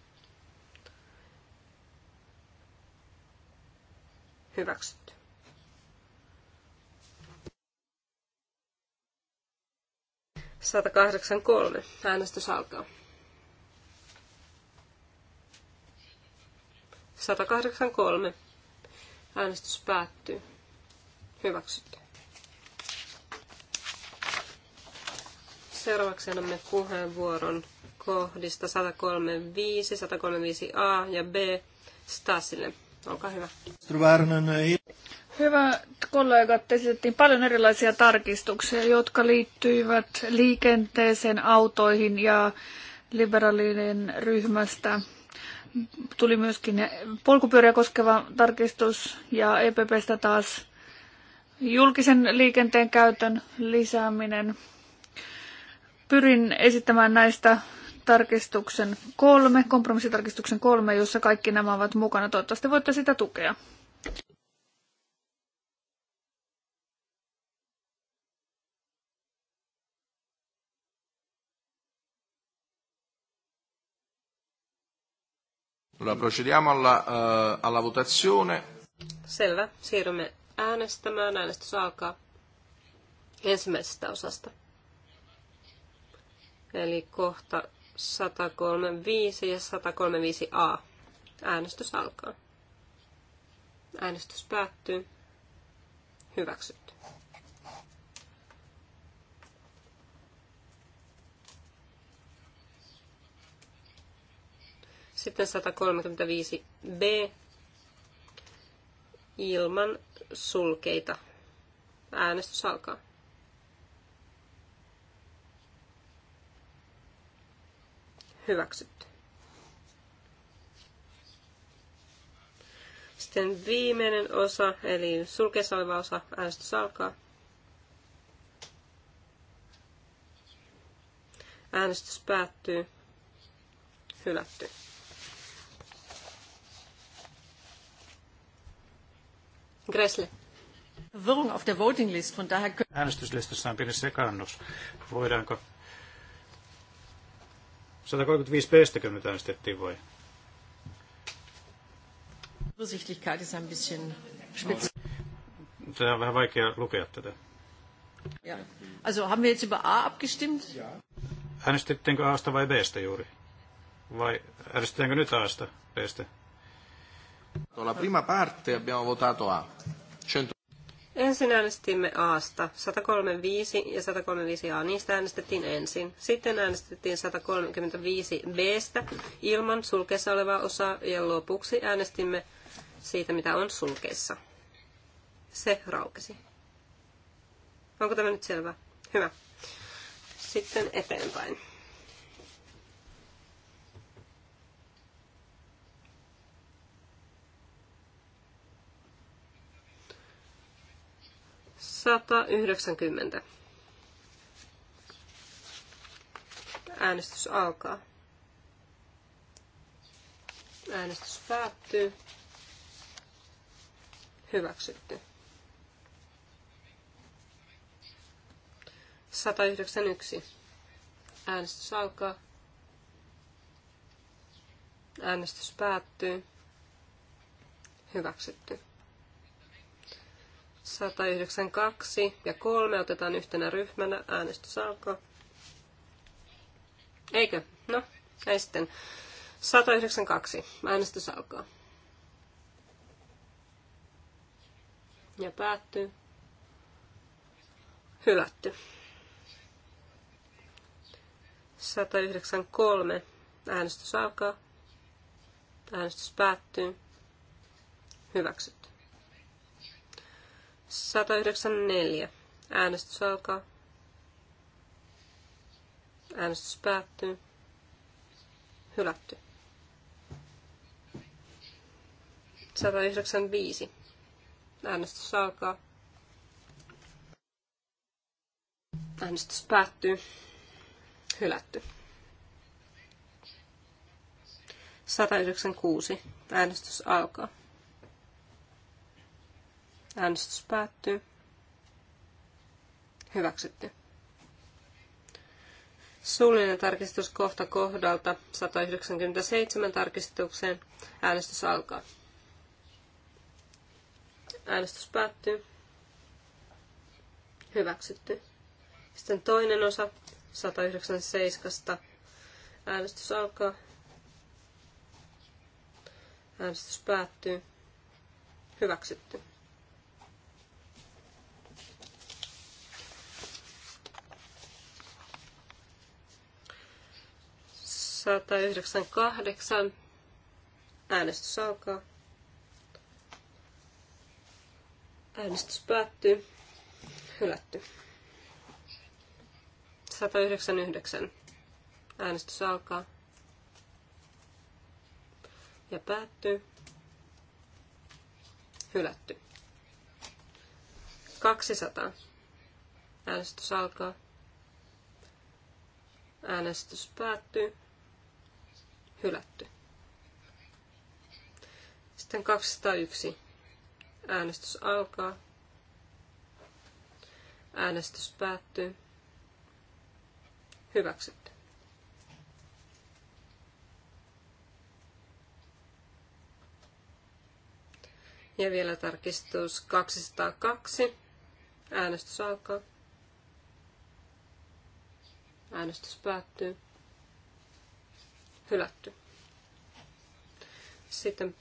Hyväksytty. kahdeksan kolme. Äänestys alkaa. 183. Äänestys päättyy. Hyväksytty. Seuraavaksi annamme puheenvuoron kohdista 135, 135a ja b Stasille. Olkaa hyvä. Hyvät kollegat, esitettiin paljon erilaisia tarkistuksia, jotka liittyivät liikenteeseen, autoihin ja liberaalinen ryhmästä tuli myöskin polkupyöriä koskeva tarkistus ja EPPstä taas julkisen liikenteen käytön lisääminen. Pyrin esittämään näistä tarkistuksen kolme, kompromissitarkistuksen kolme, jossa kaikki nämä ovat mukana. Toivottavasti voitte sitä tukea. Allora, procediamo alla, uh, alla votazione. Selvä. Siirrymme äänestämään. Äänestys alkaa ensimmäisestä osasta. Eli kohta 135 ja 135a. Äänestys alkaa. Äänestys päättyy. Hyväksytty. Sitten 135b ilman sulkeita. Äänestys alkaa. Hyväksytty. Sitten viimeinen osa, eli sulkeessa oleva osa, äänestys alkaa. Äänestys päättyy. Hylätty. Gressle. voting auf der voting list, von daher... Äänestyslistassa on pieni sekannus. Voidaanko 135 b nyt äänestettiin vai? Übersichtlichkeit ist ein bisschen spitz. Tämä on vähän vaikea lukea tätä. Ja. Also haben wir jetzt über A abgestimmt? Ja. Äänestettiinkö Asta vai Bstä juuri? Vai äänestetäänkö nyt Asta Bstä? La prima parte abbiamo votato A. Ensin äänestimme Asta, 135 ja 135 A. Niistä äänestettiin ensin. Sitten äänestettiin 135 Bstä ilman sulkeessa olevaa osaa ja lopuksi äänestimme siitä, mitä on sulkeessa. Se raukesi. Onko tämä nyt selvä? Hyvä. Sitten eteenpäin. 1990. Äänestys alkaa. Äänestys päättyy. Hyväksytty. 191. Äänestys alkaa. Äänestys päättyy. Hyväksytty. 192 ja 3 otetaan yhtenä ryhmänä. Äänestys alkaa. Eikö? No, ei sitten. 192. Äänestys alkaa. Ja päättyy. Hylätty. 193. Äänestys alkaa. Äänestys päättyy. Hyväksytty. 194. Äänestys alkaa. Äänestys päättyy. Hylätty. 195. Äänestys alkaa. Äänestys päättyy. Hylätty. 196. Äänestys alkaa. Äänestys päättyy. Hyväksytty. Suullinen tarkistus kohta kohdalta 197 tarkistukseen. Äänestys alkaa. Äänestys päättyy. Hyväksytty. Sitten toinen osa 197. Äänestys alkaa. Äänestys päättyy. Hyväksytty. 198. Äänestys alkaa. Äänestys päättyy. Hylätty. 199. Äänestys alkaa. Ja päättyy. Hylätty. 200. Äänestys alkaa. Äänestys päättyy hylätty. Sitten 201. Äänestys alkaa. Äänestys päättyy. Hyväksytty. Ja vielä tarkistus 202. Äänestys alkaa. Äänestys päättyy hylätty. Sitten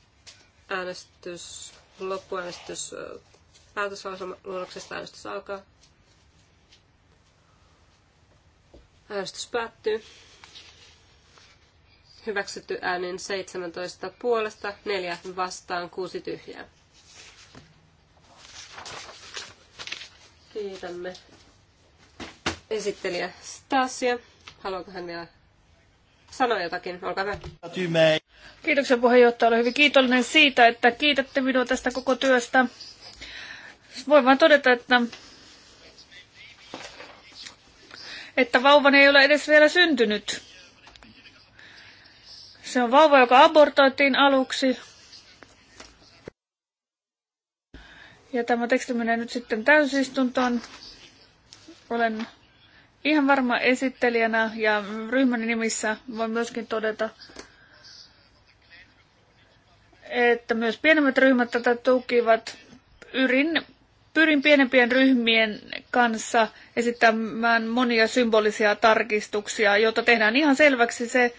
äänestys, loppuäänestys päätöslauselmaluonnoksesta äänestys alkaa. Äänestys päättyy. Hyväksytty äänin 17 puolesta, 4 vastaan, 6 tyhjää. Kiitämme esittelijä Stasia. Haluaako hän vielä sanoa jotakin. Olkaa hyvä. Kiitoksia puheenjohtaja. Olen hyvin kiitollinen siitä, että kiitätte minua tästä koko työstä. Voin vain todeta, että, että vauvani ei ole edes vielä syntynyt. Se on vauva, joka abortoitiin aluksi. Ja tämä teksti menee nyt sitten täysistuntoon. Olen ihan varma esittelijänä ja ryhmän nimissä voin myöskin todeta, että myös pienemmät ryhmät tätä tukivat. Yrin, pyrin pienempien ryhmien kanssa esittämään monia symbolisia tarkistuksia, jotta tehdään ihan selväksi se,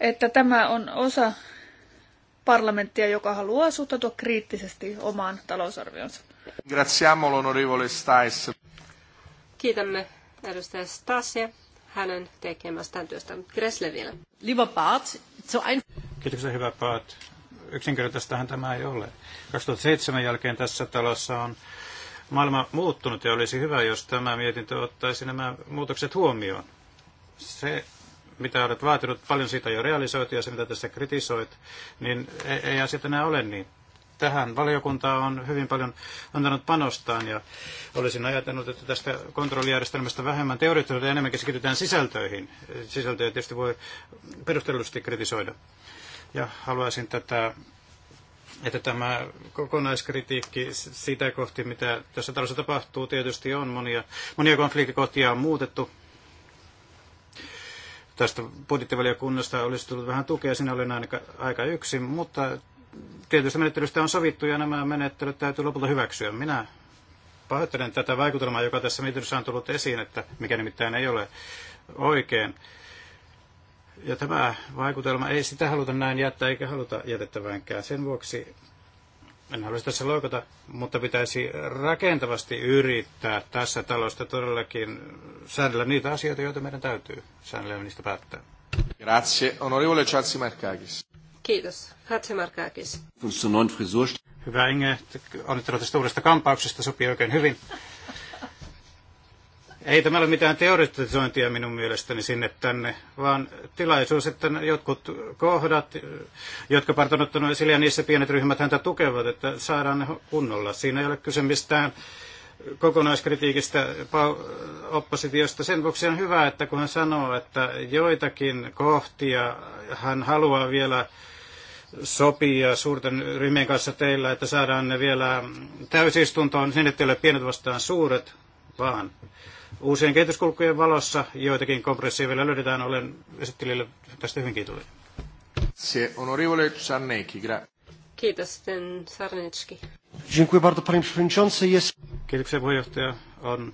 että tämä on osa parlamenttia, joka haluaa suhtautua kriittisesti omaan talousarvionsa. Stais. Kiitämme edustaja Stasia hänen tekemästään työstä. Gressle Kiitoksia hyvä Bart. Yksinkertaistahan tämä ei ole. 2007 jälkeen tässä talossa on maailma muuttunut ja olisi hyvä, jos tämä mietintö ottaisi nämä muutokset huomioon. Se, mitä olet vaatinut, paljon siitä jo realisoitu ja se, mitä tässä kritisoit, niin ei, ei asiat enää ole niin. Tähän valiokunta on hyvin paljon antanut panostaan ja olisin ajatellut, että tästä kontrollijärjestelmästä vähemmän teoreettisesti enemmän keskitytään sisältöihin. Sisältöjä tietysti voi perustellusti kritisoida. Ja haluaisin tätä että tämä kokonaiskritiikki sitä kohti, mitä tässä talossa tapahtuu, tietysti on monia, monia konfliktikohtia on muutettu. Tästä budjettivaliokunnasta olisi tullut vähän tukea, sinä olen aika, aika yksin, mutta tietystä menettelystä on sovittu ja nämä menettelyt täytyy lopulta hyväksyä. Minä pahoittelen tätä vaikutelmaa, joka tässä mietinnössä on tullut esiin, että mikä nimittäin ei ole oikein. Ja tämä vaikutelma ei sitä haluta näin jättää, eikä haluta jätettävänkään. Sen vuoksi en halua tässä loikata, mutta pitäisi rakentavasti yrittää tässä talosta todellakin säännellä niitä asioita, joita meidän täytyy säännellä niistä päättää. Grazie. Onorevole Chatsi Merkakis. Kiitos. Hatsimarkaakis. Hyvä Inge, onnittelut tästä uudesta kampauksesta, sopii oikein hyvin. Ei tämä ole mitään teoretisointia minun mielestäni sinne tänne, vaan tilaisuus, että jotkut kohdat, jotka partonut on esille ja niissä pienet ryhmät häntä tukevat, että saadaan ne kunnolla. Siinä ei ole kyse mistään kokonaiskritiikistä oppositiosta. Sen vuoksi on hyvä, että kun hän sanoo, että joitakin kohtia hän haluaa vielä sopia suurten ryhmien kanssa teillä, että saadaan ne vielä täysistuntoon, sen ettei ole pienet vastaan suuret, vaan uusien kehityskulkujen valossa joitakin kompressia vielä löydetään. Olen esittelijälle tästä hyvin kiitollinen. Se onorevole Sarnecki, Kiitos, sitten Sarnecki. Kiitoksia, puheenjohtaja. On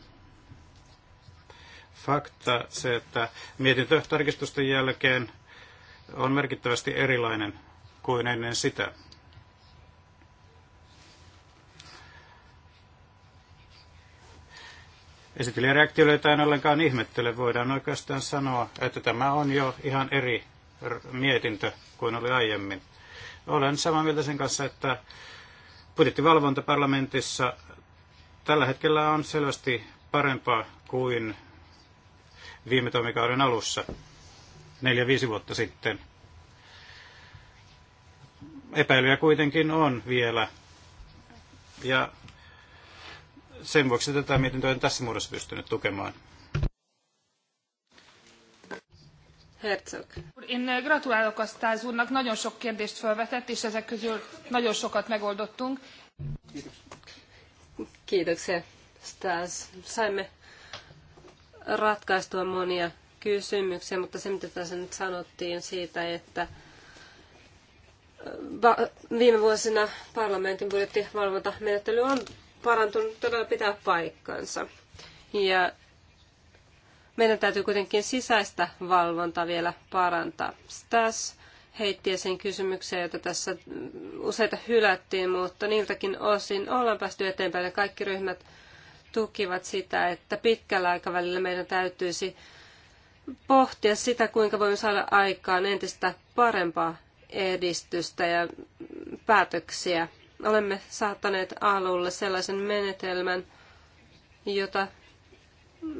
fakta se, että tarkistusten jälkeen on merkittävästi erilainen kuin ennen sitä. Esittelijän reaktioita en ollenkaan ihmettele. Voidaan oikeastaan sanoa, että tämä on jo ihan eri mietintö kuin oli aiemmin. Olen samaa mieltä sen kanssa, että budjettivalvonta parlamentissa tällä hetkellä on selvästi parempaa kuin viime toimikauden alussa, neljä-viisi vuotta sitten – Epäilyjä kuitenkin on vielä. Ja sen vuoksi tätä mietintöä en tässä muodossa pystynyt tukemaan. Herzog. Én gratulálok a Stáz úrnak, nagyon sok kérdést felvetett, és ezek közül nagyon sokat megoldottunk. Kiitoksia, Stáz. Saimme ratkaistua monia kysymyksiä, mutta se mitä tässä nyt sanottiin siitä, että viime vuosina parlamentin budjettivalvontamenettely on parantunut todella pitää paikkansa. Ja meidän täytyy kuitenkin sisäistä valvontaa vielä parantaa. Stas heitti sen kysymyksiä, joita tässä useita hylättiin, mutta niiltäkin osin ollaan päästy eteenpäin ja kaikki ryhmät tukivat sitä, että pitkällä aikavälillä meidän täytyisi pohtia sitä, kuinka voimme saada aikaan entistä parempaa edistystä ja päätöksiä. Olemme saattaneet alulle sellaisen menetelmän, jota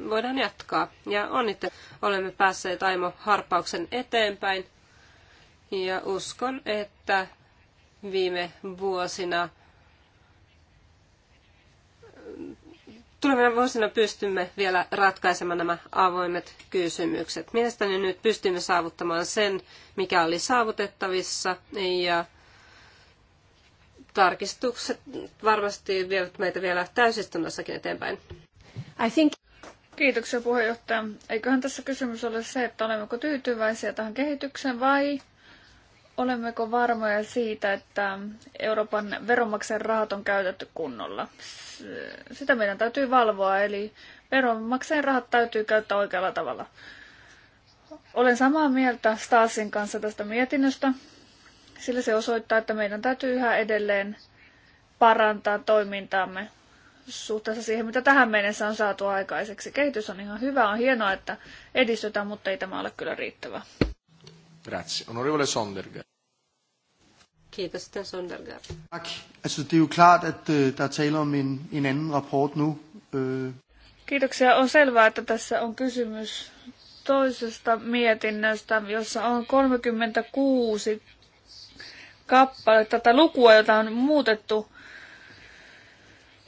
voidaan jatkaa. Ja onnittelen, olemme päässeet Aimo harppauksen eteenpäin. Ja uskon, että viime vuosina – tulevina vuosina pystymme vielä ratkaisemaan nämä avoimet kysymykset. Mielestäni nyt pystymme saavuttamaan sen, mikä oli saavutettavissa ja tarkistukset varmasti vievät meitä vielä täysistunnossakin eteenpäin. I think... Kiitoksia puheenjohtaja. Eiköhän tässä kysymys ole se, että olemmeko tyytyväisiä tähän kehitykseen vai olemmeko varmoja siitä, että Euroopan veronmaksajan rahat on käytetty kunnolla? sitä meidän täytyy valvoa, eli veronmaksajien rahat täytyy käyttää oikealla tavalla. Olen samaa mieltä Stasin kanssa tästä mietinnöstä, sillä se osoittaa, että meidän täytyy yhä edelleen parantaa toimintaamme suhteessa siihen, mitä tähän mennessä on saatu aikaiseksi. Kehitys on ihan hyvä, on hienoa, että edistytään, mutta ei tämä ole kyllä riittävä. Grazie. Onorevole Sondergaard. Kiitos, Sten Tak. Altså, det er jo klart, at uh, der taler om en, en anden rapport nu. Uh... Kiitoksia. On selvää, että tässä on kysymys toisesta mietinnöstä, jossa on 36 kappaletta tätä lukua, jota on muutettu,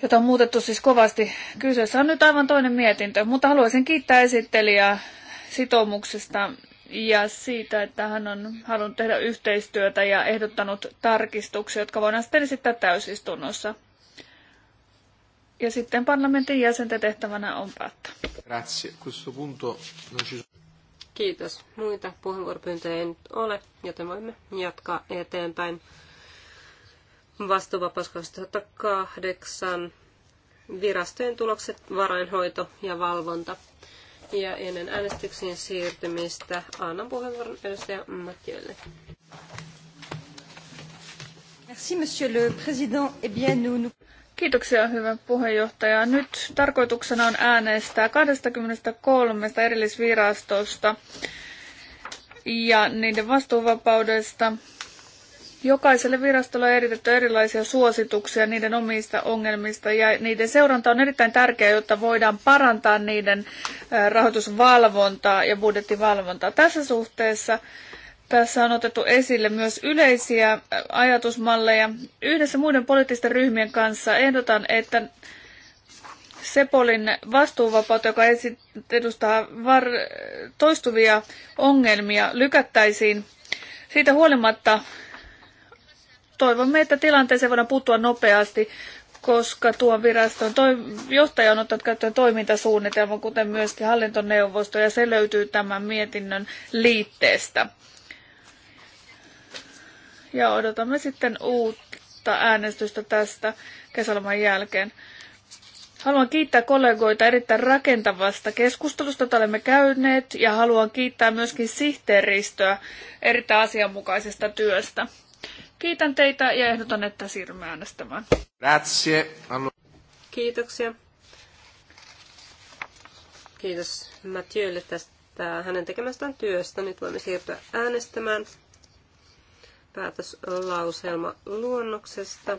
jota on muutettu siis kovasti. Kyseessä on nyt aivan toinen mietintö, mutta haluaisin kiittää esittelijää sitoumuksesta ja siitä, että hän on halunnut tehdä yhteistyötä ja ehdottanut tarkistuksia, jotka voidaan sitten esittää täysistunnossa. Ja sitten parlamentin jäsenten tehtävänä on päättää. Kiitos. Muita puheenvuoropyyntöjä ei nyt ole, joten voimme jatkaa eteenpäin. Vastuuvapaus 2008. Virastojen tulokset, varainhoito ja valvonta. Ja ennen äänestyksiin siirtymistä annan puheenvuoron edustaja Mathieulle. Merci, monsieur le président. Eh bien, nous, nous... Kiitoksia, hyvä puheenjohtaja. Nyt tarkoituksena on äänestää 23 erillisvirastosta ja niiden vastuuvapaudesta – Jokaiselle virastolle on eritetty erilaisia suosituksia niiden omista ongelmista ja niiden seuranta on erittäin tärkeää, jotta voidaan parantaa niiden rahoitusvalvontaa ja budjettivalvontaa. Tässä suhteessa tässä on otettu esille myös yleisiä ajatusmalleja. Yhdessä muiden poliittisten ryhmien kanssa ehdotan, että Sepolin vastuuvapautta, joka edustaa toistuvia ongelmia, lykättäisiin siitä huolimatta toivomme, että tilanteeseen voidaan puuttua nopeasti, koska tuon viraston toi, johtaja on ottanut käyttöön toimintasuunnitelman, kuten myöskin hallintoneuvosto, ja se löytyy tämän mietinnön liitteestä. Ja odotamme sitten uutta äänestystä tästä kesäloman jälkeen. Haluan kiittää kollegoita erittäin rakentavasta keskustelusta, jota olemme käyneet, ja haluan kiittää myöskin sihteeristöä erittäin asianmukaisesta työstä. Kiitän teitä ja ehdotan, että siirrymme äänestämään. Grazie. Kiitoksia. Kiitos Mattiölle tästä hänen tekemästään työstä. Nyt voimme siirtyä äänestämään päätöslauselma luonnoksesta.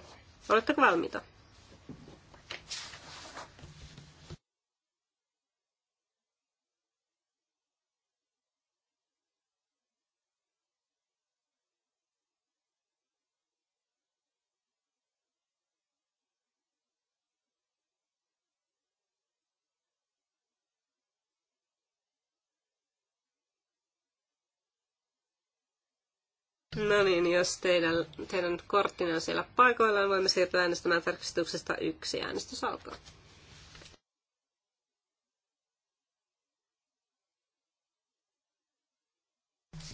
Oletteko valmiita? No niin, jos teidän, teidän korttinne on siellä paikoillaan, voimme siirtyä äänestämään tarkistuksesta yksi. Äänestys alkaa.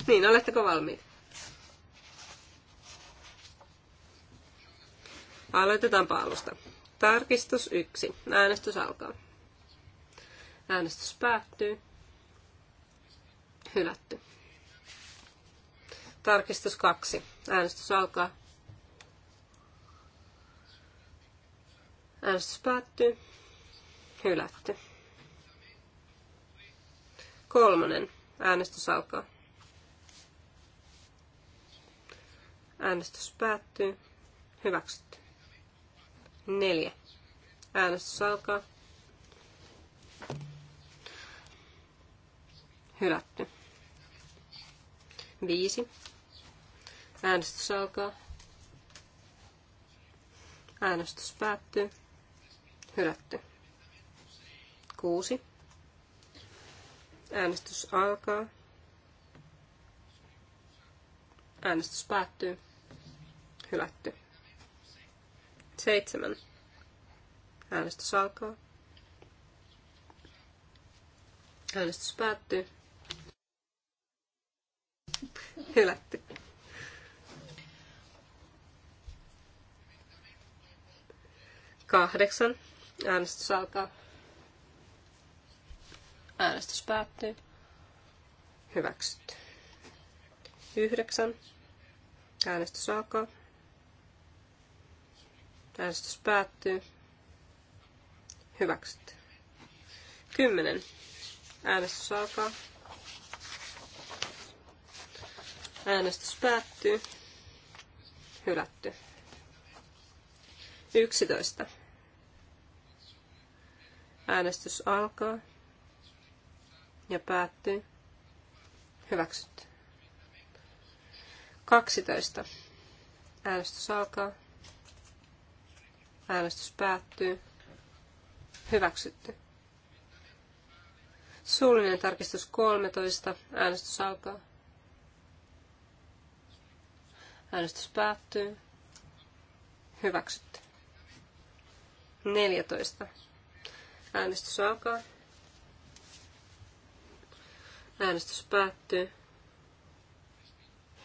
Niin, oletteko valmiit? Aloitetaan alusta. Tarkistus 1. Äänestys alkaa. Äänestys päättyy. Hylätty. Tarkistus kaksi. Äänestys alkaa. Äänestys päättyy. Hylätty. Kolmonen. Äänestys alkaa. Äänestys päättyy. Hyväksytty. Neljä. Äänestys alkaa. Hylätty. Viisi. Äänestys alkaa. Äänestys päättyy. Hylätty. Kuusi. Äänestys alkaa. Äänestys päättyy. Hylätty. Seitsemän. Äänestys alkaa. Äänestys päättyy. Hylätty. Kahdeksan. Äänestys alkaa. Äänestys päättyy. Hyväksytty. Yhdeksän. Äänestys alkaa. Äänestys päättyy. Hyväksytty. Kymmenen. Äänestys alkaa. Äänestys päättyy. Hylätty. Yksitoista. Äänestys alkaa ja päättyy. Hyväksyt. 12. Äänestys alkaa. Äänestys päättyy. Hyväksytty. Suullinen tarkistus 13. Äänestys alkaa. Äänestys päättyy. Hyväksytty. 14. Äänestys alkaa. Äänestys päättyy.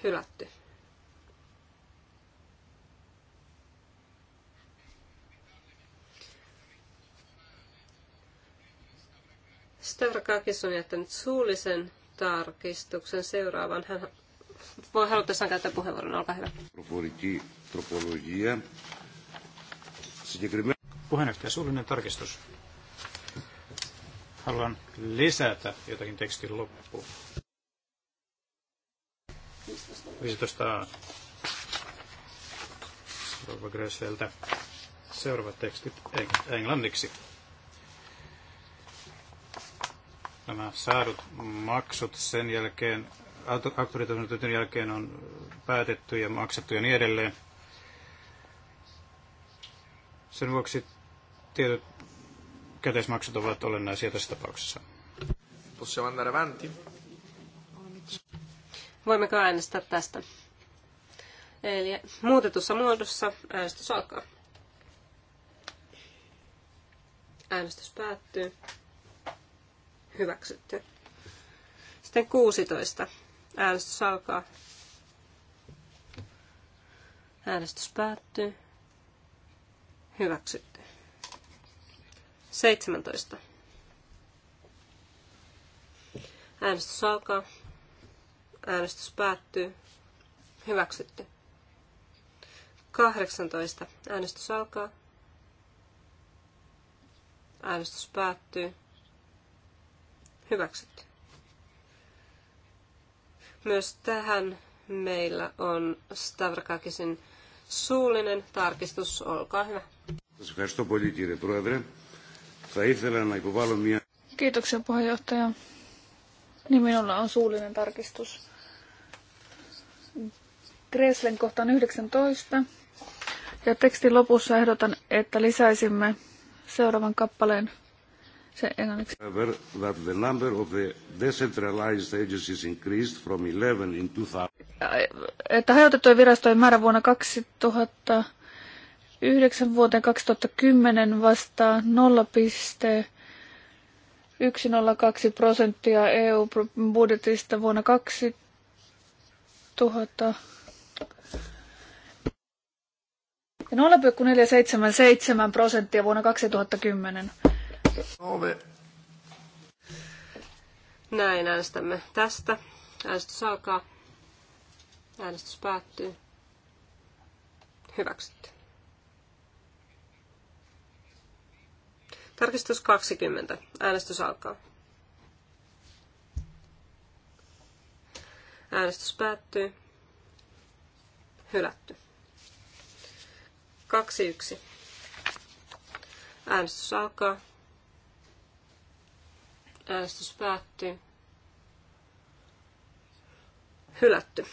Hylätty. Stavrakakis on jättänyt suullisen tarkistuksen seuraavan. Hän voi halutessaan käyttää puheenvuoron. Olkaa hyvä. Puheenjohtaja, suullinen tarkistus haluan lisätä jotakin tekstin loppuun. 15a. Rova Gröseltä. Seuraavat tekstit englanniksi. Nämä saadut maksut sen jälkeen, auktoritoimintatyn jälkeen on päätetty ja maksettu ja niin edelleen. Sen vuoksi tietyt käteismaksut ovat olennaisia tässä tapauksessa. Possiamo andare avanti? Voimmeko äänestää tästä? Eli muutetussa muodossa äänestys alkaa. Äänestys päättyy. Hyväksytty. Sitten 16. Äänestys alkaa. Äänestys päättyy. Hyväksytty. 17. Äänestys alkaa. Äänestys päättyy. Hyväksytty. 18. Äänestys alkaa. Äänestys päättyy. Hyväksytty. Myös tähän meillä on Stavrakakisin suullinen tarkistus. Olkaa hyvä. Kiitos, Θα ήθελα να υποβάλω Kiitoksia puheenjohtaja. Niin minulla on suullinen tarkistus. Greslen kohtaan 19. Ja tekstin lopussa ehdotan, että lisäisimme seuraavan kappaleen se englanniksi. That the number of the decentralized agencies increased from 11 in 2000. Että hajautettujen virastojen määrä vuonna 2000 2009 vuoteen 2010 vastaa 0,102 prosenttia EU-budjetista vuonna 2000. 0,477 prosenttia vuonna 2010. Ove. Näin äänestämme tästä. Äänestys alkaa. Äänestys päättyy. Hyväksytty. Tarkistus 20. Äänestys alkaa. Äänestys päättyy. Hylätty. 2-1. Äänestys alkaa. Äänestys päättyy. Hylätty.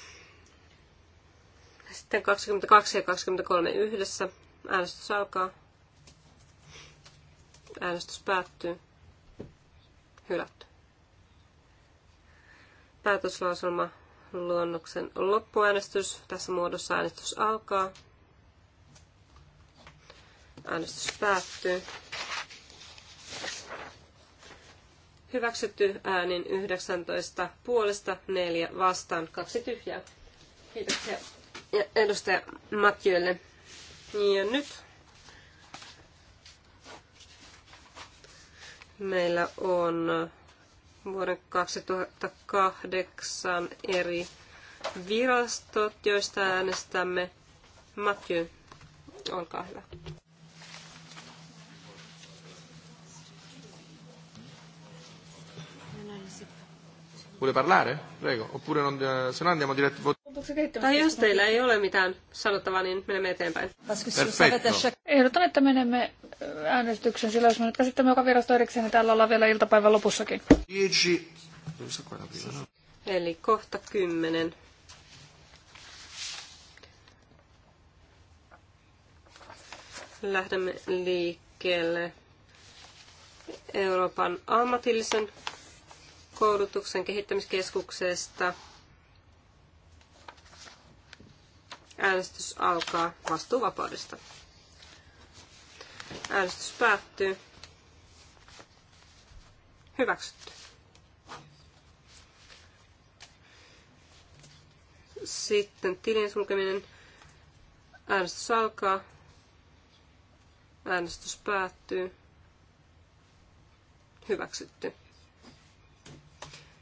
Sitten 22 ja 23 yhdessä. Äänestys alkaa. Äänestys päättyy. Hylätty. Päätöslauselma luonnoksen loppuäänestys. Tässä muodossa äänestys alkaa. Äänestys päättyy. Hyväksytty äänin 19 puolesta, 4 vastaan, kaksi tyhjää. Kiitoksia edustaja Matjölle. Ja nyt meillä on vuoden 2008 eri virastot, joista äänestämme. Matthew, olkaa hyvä. Vuole parlare? Prego. Oppure non, eh, se no andiamo direttamente. Tai jos teillä ei ole mitään sanottavaa, niin menemme eteenpäin. Ehdotan, että menemme äh, äänestyksen sillä jos me nyt käsittämme joka virasto erikseen, niin täällä ollaan vielä iltapäivän lopussakin. Eli kohta kymmenen. Lähdemme liikkeelle Euroopan ammatillisen koulutuksen kehittämiskeskuksesta – Äänestys alkaa vastuuvapaudesta. Äänestys päättyy. Hyväksytty. Sitten tilin sulkeminen. Äänestys alkaa. Äänestys päättyy. Hyväksytty.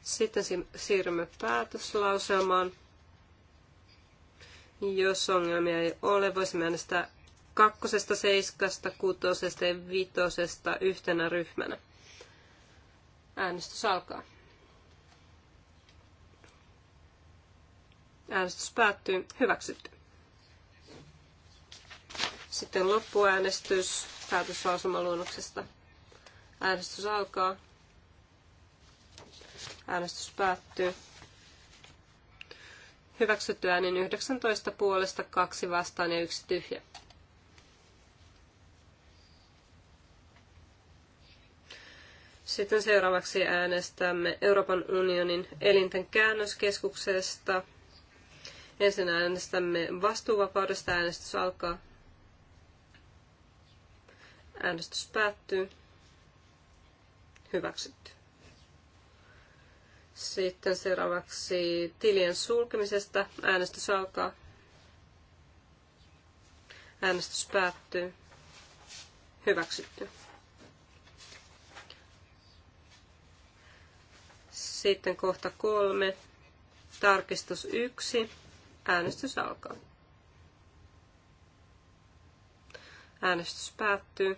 Sitten siirrymme päätöslauselmaan. Jos ongelmia ei ole, voisimme äänestää kakkosesta, seiskasta, kuutosesta ja viitosesta yhtenä ryhmänä. Äänestys alkaa. Äänestys päättyy. Hyväksytty. Sitten loppuäänestys päätöslausumaluonnoksesta. Äänestys alkaa. Äänestys päättyy hyväksytty äänin 19 puolesta, kaksi vastaan ja yksi tyhjä. Sitten seuraavaksi äänestämme Euroopan unionin elinten käännöskeskuksesta. Ensin äänestämme vastuuvapaudesta. Äänestys alkaa. Äänestys päättyy. Hyväksytty. Sitten seuraavaksi tilien sulkemisesta. Äänestys alkaa. Äänestys päättyy. Hyväksytty. Sitten kohta kolme. Tarkistus yksi. Äänestys alkaa. Äänestys päättyy.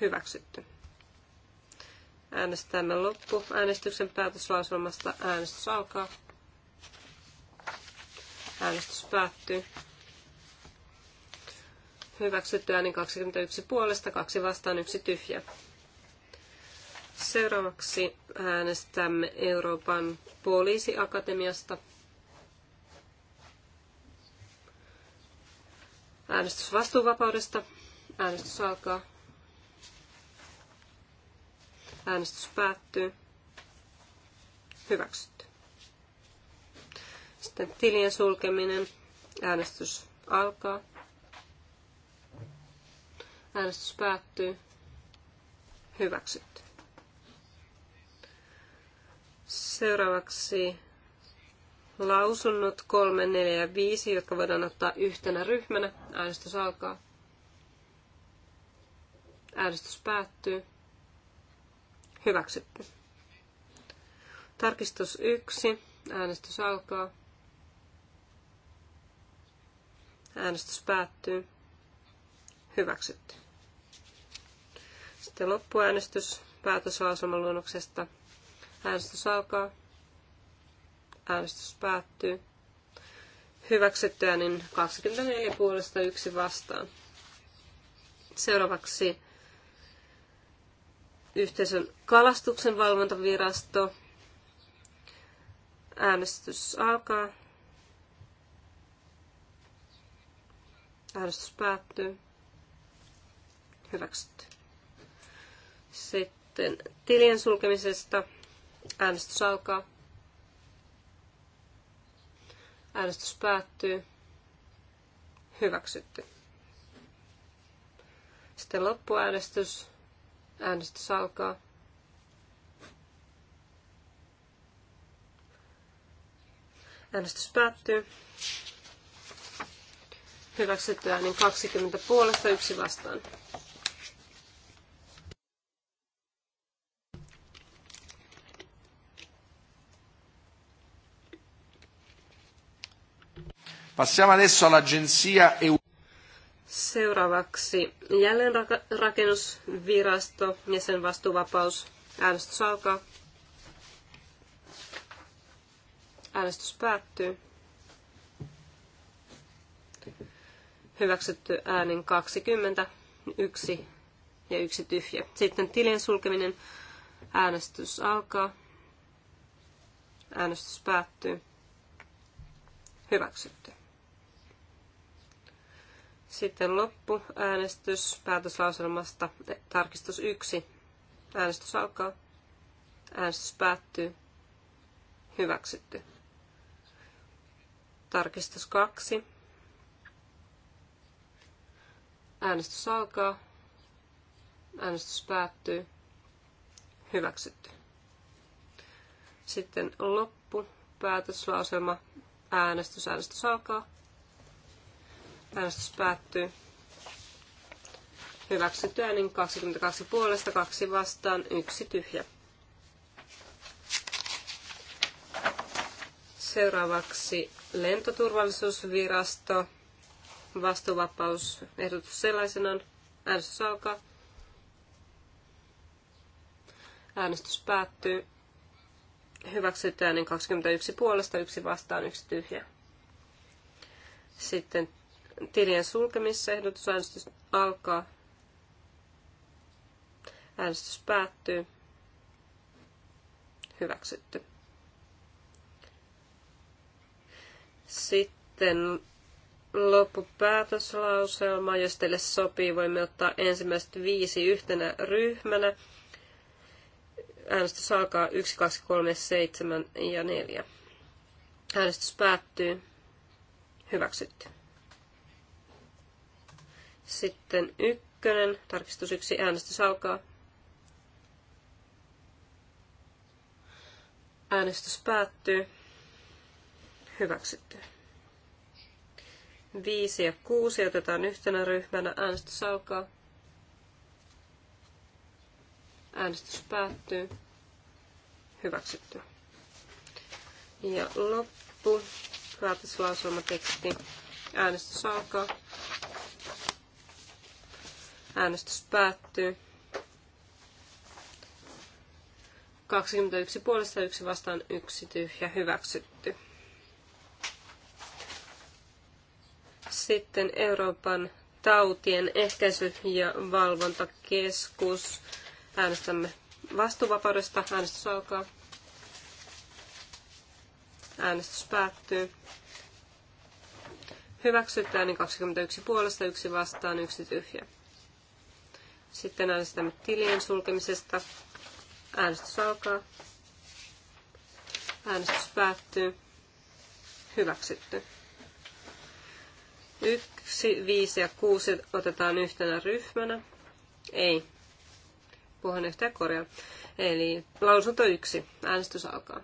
Hyväksytty. Äänestämme loppu. Äänestyksen päätöslauselmasta äänestys alkaa. Äänestys päättyy. Hyväksytty ääni 21 puolesta, kaksi vastaan, yksi tyhjä. Seuraavaksi äänestämme Euroopan poliisiakatemiasta. Äänestys vastuuvapaudesta. Äänestys alkaa. Äänestys päättyy. Hyväksytty. Sitten tilien sulkeminen. Äänestys alkaa. Äänestys päättyy. Hyväksytty. Seuraavaksi lausunnot 3, 4 ja 5, jotka voidaan ottaa yhtenä ryhmänä. Äänestys alkaa. Äänestys päättyy. Hyväksytty. Tarkistus 1. Äänestys alkaa. Äänestys päättyy. Hyväksytty. Sitten loppuäänestys päätöslauselmaluonnoksesta. Äänestys alkaa. Äänestys päättyy. Hyväksyttyä niin 24 puolesta yksi vastaan. Seuraavaksi yhteisön kalastuksen valvontavirasto. Äänestys alkaa. Äänestys päättyy. Hyväksytty. Sitten tilien sulkemisesta. Äänestys alkaa. Äänestys päättyy. Hyväksytty. Sitten loppuäänestys. Äänestys alkaa. Äänestys päättyy. Hyväksytty niin 20 puolesta, yksi vastaan. Passiamo adesso all'Agenzia EU. Seuraavaksi jälleenrakennusvirasto ja sen vastuuvapaus. Äänestys alkaa. Äänestys päättyy. Hyväksytty äänin 20, 1 ja yksi tyhjä. Sitten tilien sulkeminen. Äänestys alkaa. Äänestys päättyy. Hyväksytty. Sitten loppu äänestys päätöslauselmasta. Tarkistus 1. Äänestys alkaa. Äänestys päättyy. Hyväksytty. Tarkistus 2. Äänestys alkaa. Äänestys päättyy. Hyväksytty. Sitten loppu, päätöslauselma, äänestys, äänestys alkaa. Äänestys päättyy. Hyväksytty niin 22 puolesta, 2 vastaan, 1 tyhjä. Seuraavaksi lentoturvallisuusvirasto. Vastuuvapaus ehdotus sellaisenaan. Äänestys alkaa. Äänestys päättyy. Hyväksytään niin 21 puolesta, 1 vastaan, 1 tyhjä. Sitten tilien sulkemisehdotus. Äänestys alkaa. Äänestys päättyy. Hyväksytty. Sitten loppupäätöslauselma, jos teille sopii, voimme ottaa ensimmäiset viisi yhtenä ryhmänä. Äänestys alkaa 1, 2, 3, 7 ja 4. Äänestys päättyy. Hyväksytty. Sitten ykkönen, tarkistus yksi, äänestys alkaa. Äänestys päättyy. Hyväksytty. Viisi ja kuusi otetaan yhtenä ryhmänä. Äänestys alkaa. Äänestys päättyy. Hyväksytty. Ja loppu. Päätöslausumateksti. Äänestys alkaa. Äänestys päättyy. 21 puolesta, yksi vastaan, yksi tyhjä, hyväksytty. Sitten Euroopan tautien ehkäisy- ja valvontakeskus. Äänestämme vastuuvapaudesta. Äänestys alkaa. Äänestys päättyy. Hyväksytään niin 21 puolesta, yksi vastaan, yksi tyhjä. Sitten äänestämme tilien sulkemisesta. Äänestys alkaa. Äänestys päättyy. Hyväksytty. 1, 5 ja 6 otetaan yhtenä ryhmänä. Ei. Puheenjohtaja korjaa. Eli lausunto 1. Äänestys alkaa.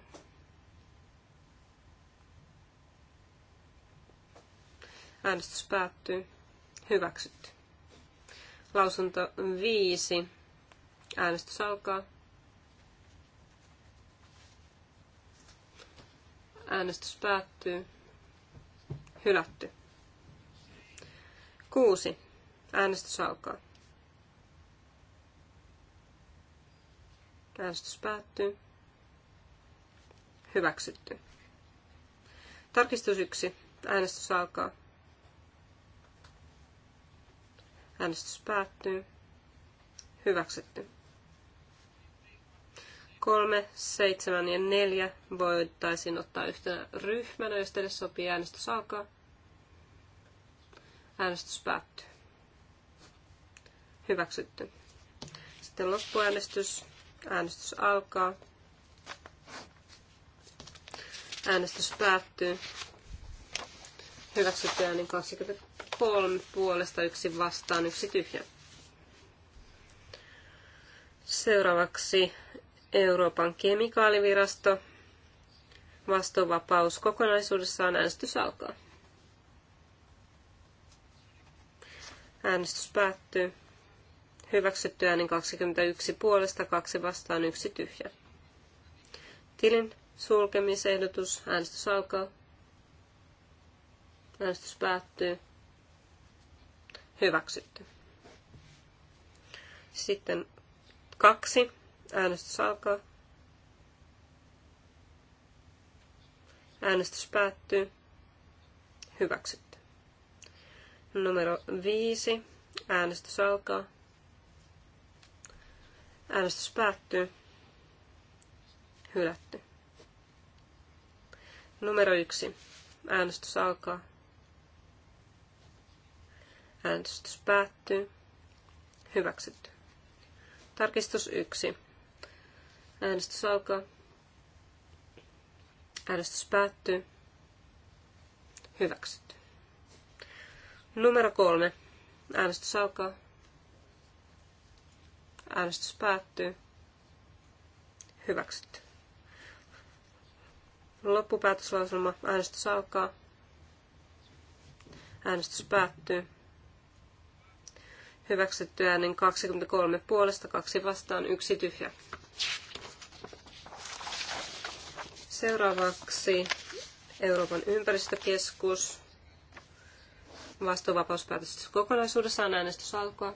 Äänestys päättyy. Hyväksytty. Lausunto 5. Äänestys alkaa. Äänestys päättyy. Hylätty. 6. Äänestys alkaa. Äänestys päättyy. Hyväksytty. Tarkistus 1. Äänestys alkaa. Äänestys päättyy. Hyväksytty. Kolme, seitsemän ja neljä voitaisiin ottaa yhtenä ryhmänä, jos teille sopii äänestys alkaa. Äänestys päättyy. Hyväksytty. Sitten loppuäänestys. Äänestys alkaa. Äänestys päättyy. Hyväksytty äänin 20 kolme puolesta, yksi vastaan, yksi tyhjä. Seuraavaksi Euroopan kemikaalivirasto. Vastuuvapaus kokonaisuudessaan äänestys alkaa. Äänestys päättyy. Hyväksytty äänin 21 puolesta, kaksi vastaan, yksi tyhjä. Tilin sulkemisehdotus. Äänestys alkaa. Äänestys päättyy. Hyväksytty. Sitten kaksi. Äänestys alkaa. Äänestys päättyy. Hyväksytty. Numero viisi. Äänestys alkaa. Äänestys päättyy. Hylätty. Numero yksi. Äänestys alkaa. Äänestys päättyy. Hyväksytty. Tarkistus 1. Äänestys alkaa. Äänestys päättyy. Hyväksytty. Numero 3. Äänestys alkaa. Äänestys päättyy. Hyväksytty. Loppupäätöslauselma. Äänestys alkaa. Äänestys päättyy hyväksytty äänen 23 puolesta, kaksi vastaan, yksi tyhjä. Seuraavaksi Euroopan ympäristökeskus. Vastuuvapauspäätös kokonaisuudessaan äänestys alkaa.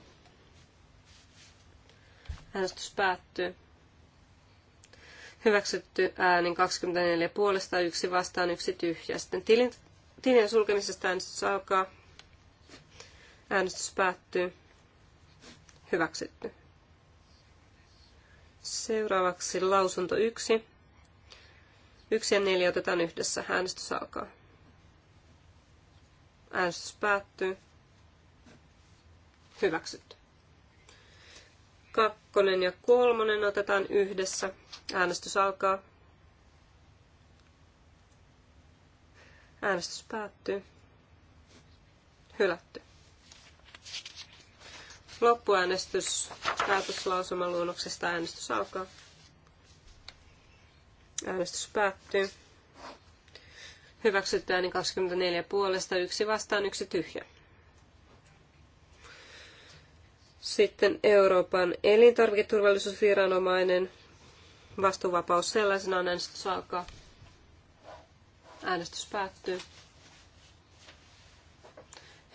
Äänestys päättyy. Hyväksytty äänin 24 puolesta, yksi vastaan, yksi tyhjä. Sitten tilin, tilin sulkemisesta äänestys alkaa. Äänestys päättyy. Hyväksytty. Seuraavaksi lausunto 1. 1 ja 4 otetaan yhdessä. Äänestys alkaa. Äänestys päättyy. Hyväksytty. Kakkonen ja kolmonen otetaan yhdessä. Äänestys alkaa. Äänestys päättyy. Hylätty. Loppuäänestys päätöslausumaluonnoksesta äänestys alkaa. Äänestys päättyy. hyväksytään niin 24 puolesta, yksi vastaan, yksi tyhjä. Sitten Euroopan elintarviketurvallisuusviranomainen. Vastuuvapaus sellaisenaan äänestys alkaa. Äänestys päättyy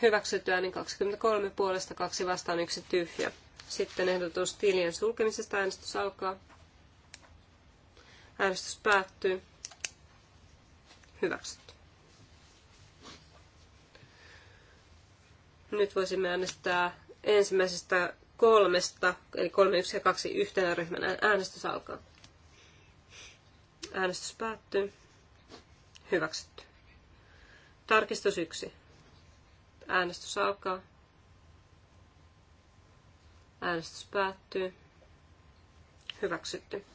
hyväksyttyä, niin 23 puolesta, kaksi vastaan, yksi tyhjä. Sitten ehdotus tilien sulkemisesta. Äänestys alkaa. Äänestys päättyy. Hyväksytty. Nyt voisimme äänestää ensimmäisestä kolmesta, eli kolme, yksi ja kaksi yhtenä ryhmänä. Äänestys alkaa. Äänestys päättyy. Hyväksytty. Tarkistus yksi. Äänestys alkaa. Äänestys päättyy. Hyväksytty.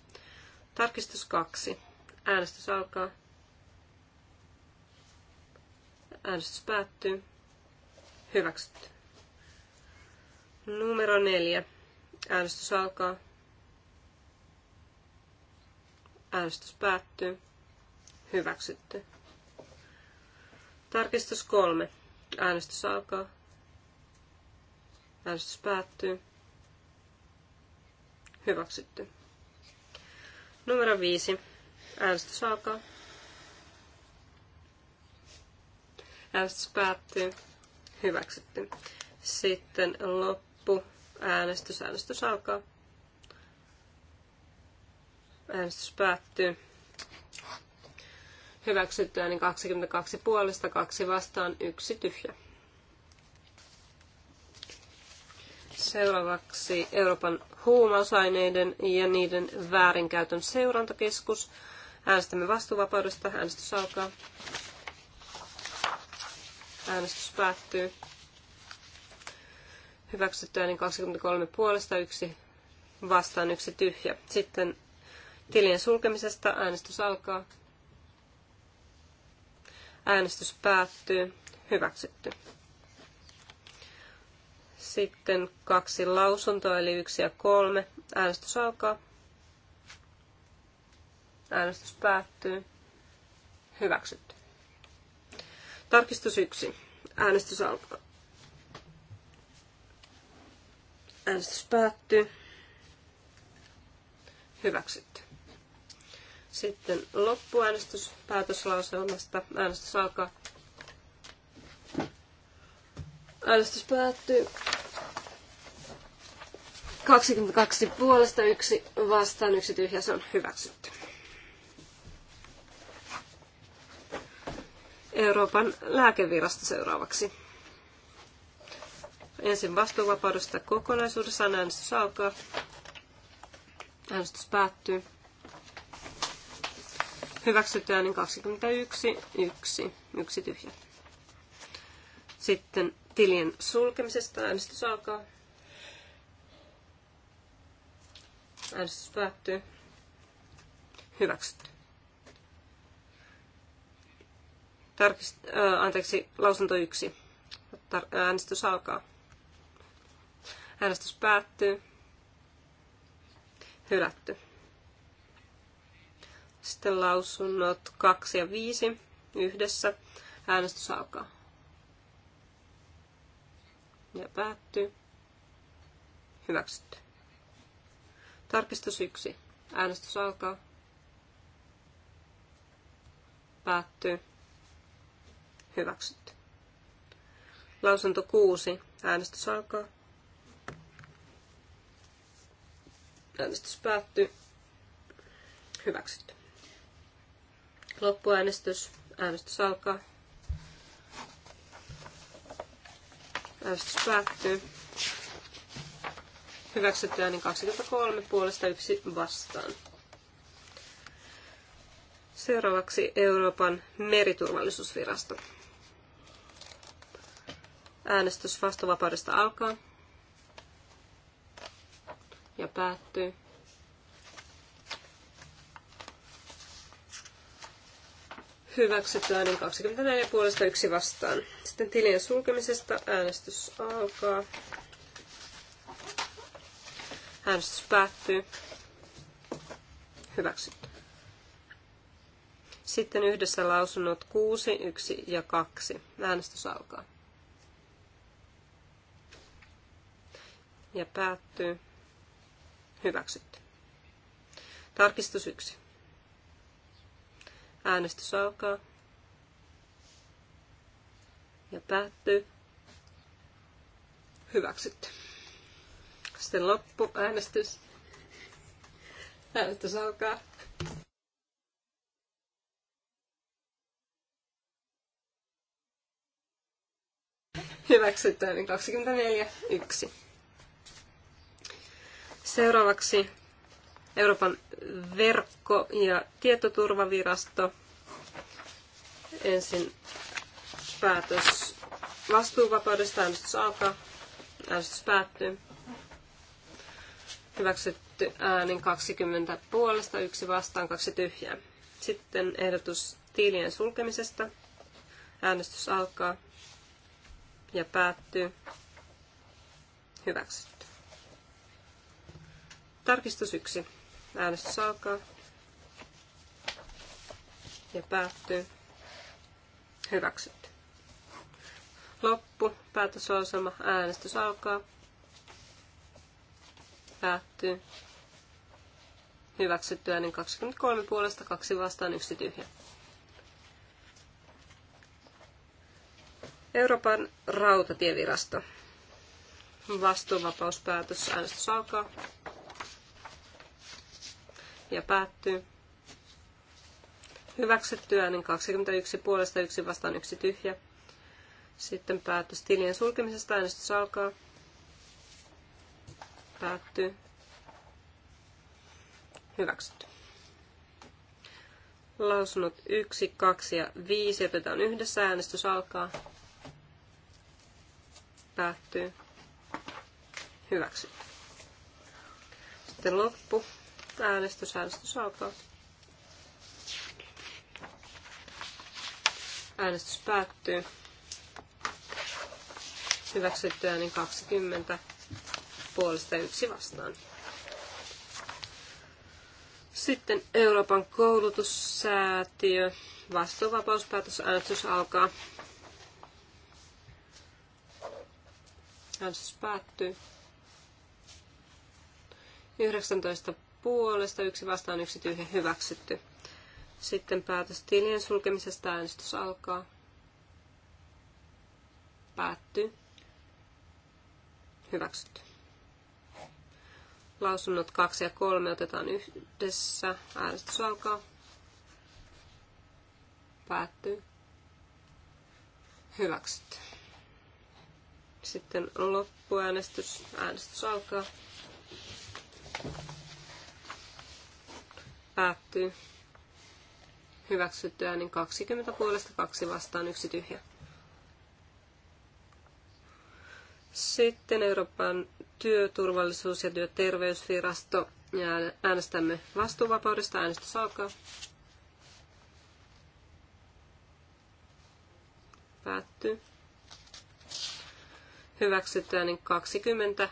Tarkistus 2. Äänestys alkaa. Äänestys päättyy. Hyväksytty. Numero 4. Äänestys alkaa. Äänestys päättyy. Hyväksytty. Tarkistus 3. Äänestys alkaa. Äänestys päättyy. Hyväksytty. Numero viisi. Äänestys alkaa. Äänestys päättyy. Hyväksytty. Sitten loppu. Äänestys. Äänestys alkaa. Äänestys päättyy hyväksyttyä, niin 22 puolesta, kaksi vastaan, yksi tyhjä. Seuraavaksi Euroopan huumausaineiden ja niiden väärinkäytön seurantakeskus. Äänestämme vastuuvapaudesta. Äänestys alkaa. Äänestys päättyy. Hyväksyttyä niin 23 puolesta, yksi vastaan, yksi tyhjä. Sitten tilien sulkemisesta äänestys alkaa. Äänestys päättyy. Hyväksytty. Sitten kaksi lausuntoa, eli yksi ja kolme. Äänestys alkaa. Äänestys päättyy. Hyväksytty. Tarkistus yksi. Äänestys alkaa. Äänestys päättyy. Hyväksytty. Sitten loppuäänestys päätöslauselmasta. Äänestys alkaa. Äänestys päättyy. 22 puolesta, yksi vastaan, yksi tyhjä, se on hyväksytty. Euroopan lääkevirasto seuraavaksi. Ensin vastuuvapaudesta kokonaisuudessaan äänestys alkaa. Äänestys päättyy hyväksytään, niin 21, 1, 1 tyhjä. Sitten tilien sulkemisesta äänestys alkaa. Äänestys päättyy. Hyväksytty. Tarkist, äh, anteeksi, lausunto 1. Tar- äh, äänestys alkaa. Äänestys päättyy. Hylätty. Sitten lausunnot 2 ja 5 yhdessä. Äänestys alkaa. Ja päättyy. Hyväksytty. Tarkistus 1. Äänestys alkaa. Päättyy. Hyväksytty. Lausunto 6. Äänestys alkaa. Äänestys päättyy. Hyväksytty. Loppuäänestys. Äänestys alkaa. Äänestys päättyy. Hyväksytty äänin 23 puolesta yksi vastaan. Seuraavaksi Euroopan meriturvallisuusvirasto. Äänestys vastuvapaudesta alkaa ja päättyy. hyväksytään, niin 24 puolesta yksi vastaan. Sitten tilien sulkemisesta äänestys alkaa. Äänestys päättyy. Hyväksytty. Sitten yhdessä lausunnot 6, 1 ja 2. Äänestys alkaa. Ja päättyy. Hyväksytty. Tarkistus 1. Äänestys alkaa. Ja päättyy. Hyväksytty. Sitten loppu. Äänestys. Äänestys alkaa. Hyväksytään 24.1. Seuraavaksi Euroopan verkko- ja tietoturvavirasto. Ensin päätös vastuuvapaudesta. Äänestys alkaa. Äänestys päättyy. Hyväksytty äänin 20 puolesta, yksi vastaan, kaksi tyhjää. Sitten ehdotus tiilien sulkemisesta. Äänestys alkaa ja päättyy. Hyväksytty. Tarkistus 1. Äänestys alkaa ja päättyy. Hyväksytty. Loppu, päätösosama, äänestys alkaa. Päättyy. Hyväksytty äänen 23 puolesta, kaksi vastaan, yksi tyhjä. Euroopan rautatievirasto. Vastuunvapauspäätös, äänestys alkaa ja päättyy. Hyväksytty äänen 21 puolesta, yksi vastaan, yksi tyhjä. Sitten päätös tilien sulkemisesta. Äänestys alkaa. Päättyy. Hyväksytty. Lausunnot 1, 2 ja 5 otetaan yhdessä. Äänestys alkaa. Päättyy. Hyväksytty. Sitten loppu Äänestys, äänestys alkaa. Äänestys päättyy. Hyväksytty äänin 20 puolesta yksi vastaan. Sitten Euroopan koulutussäätiö. Vastuuvapauspäätös äänestys alkaa. Äänestys päättyy. 19 puolesta, yksi vastaan, yksi tyhjä hyväksytty. Sitten päätös tilien sulkemisesta äänestys alkaa. Päättyy. Hyväksytty. Lausunnot 2 ja 3 otetaan yhdessä. Äänestys alkaa. Päättyy. Hyväksytty. Sitten loppuäänestys. Äänestys alkaa päättyy. Hyväksytty äänin 20 puolesta, kaksi vastaan, yksi tyhjä. Sitten Euroopan työturvallisuus- ja työterveysvirasto. Ja äänestämme vastuuvapaudesta. Äänestys alkaa. Päättyy. Hyväksytty äänin 20.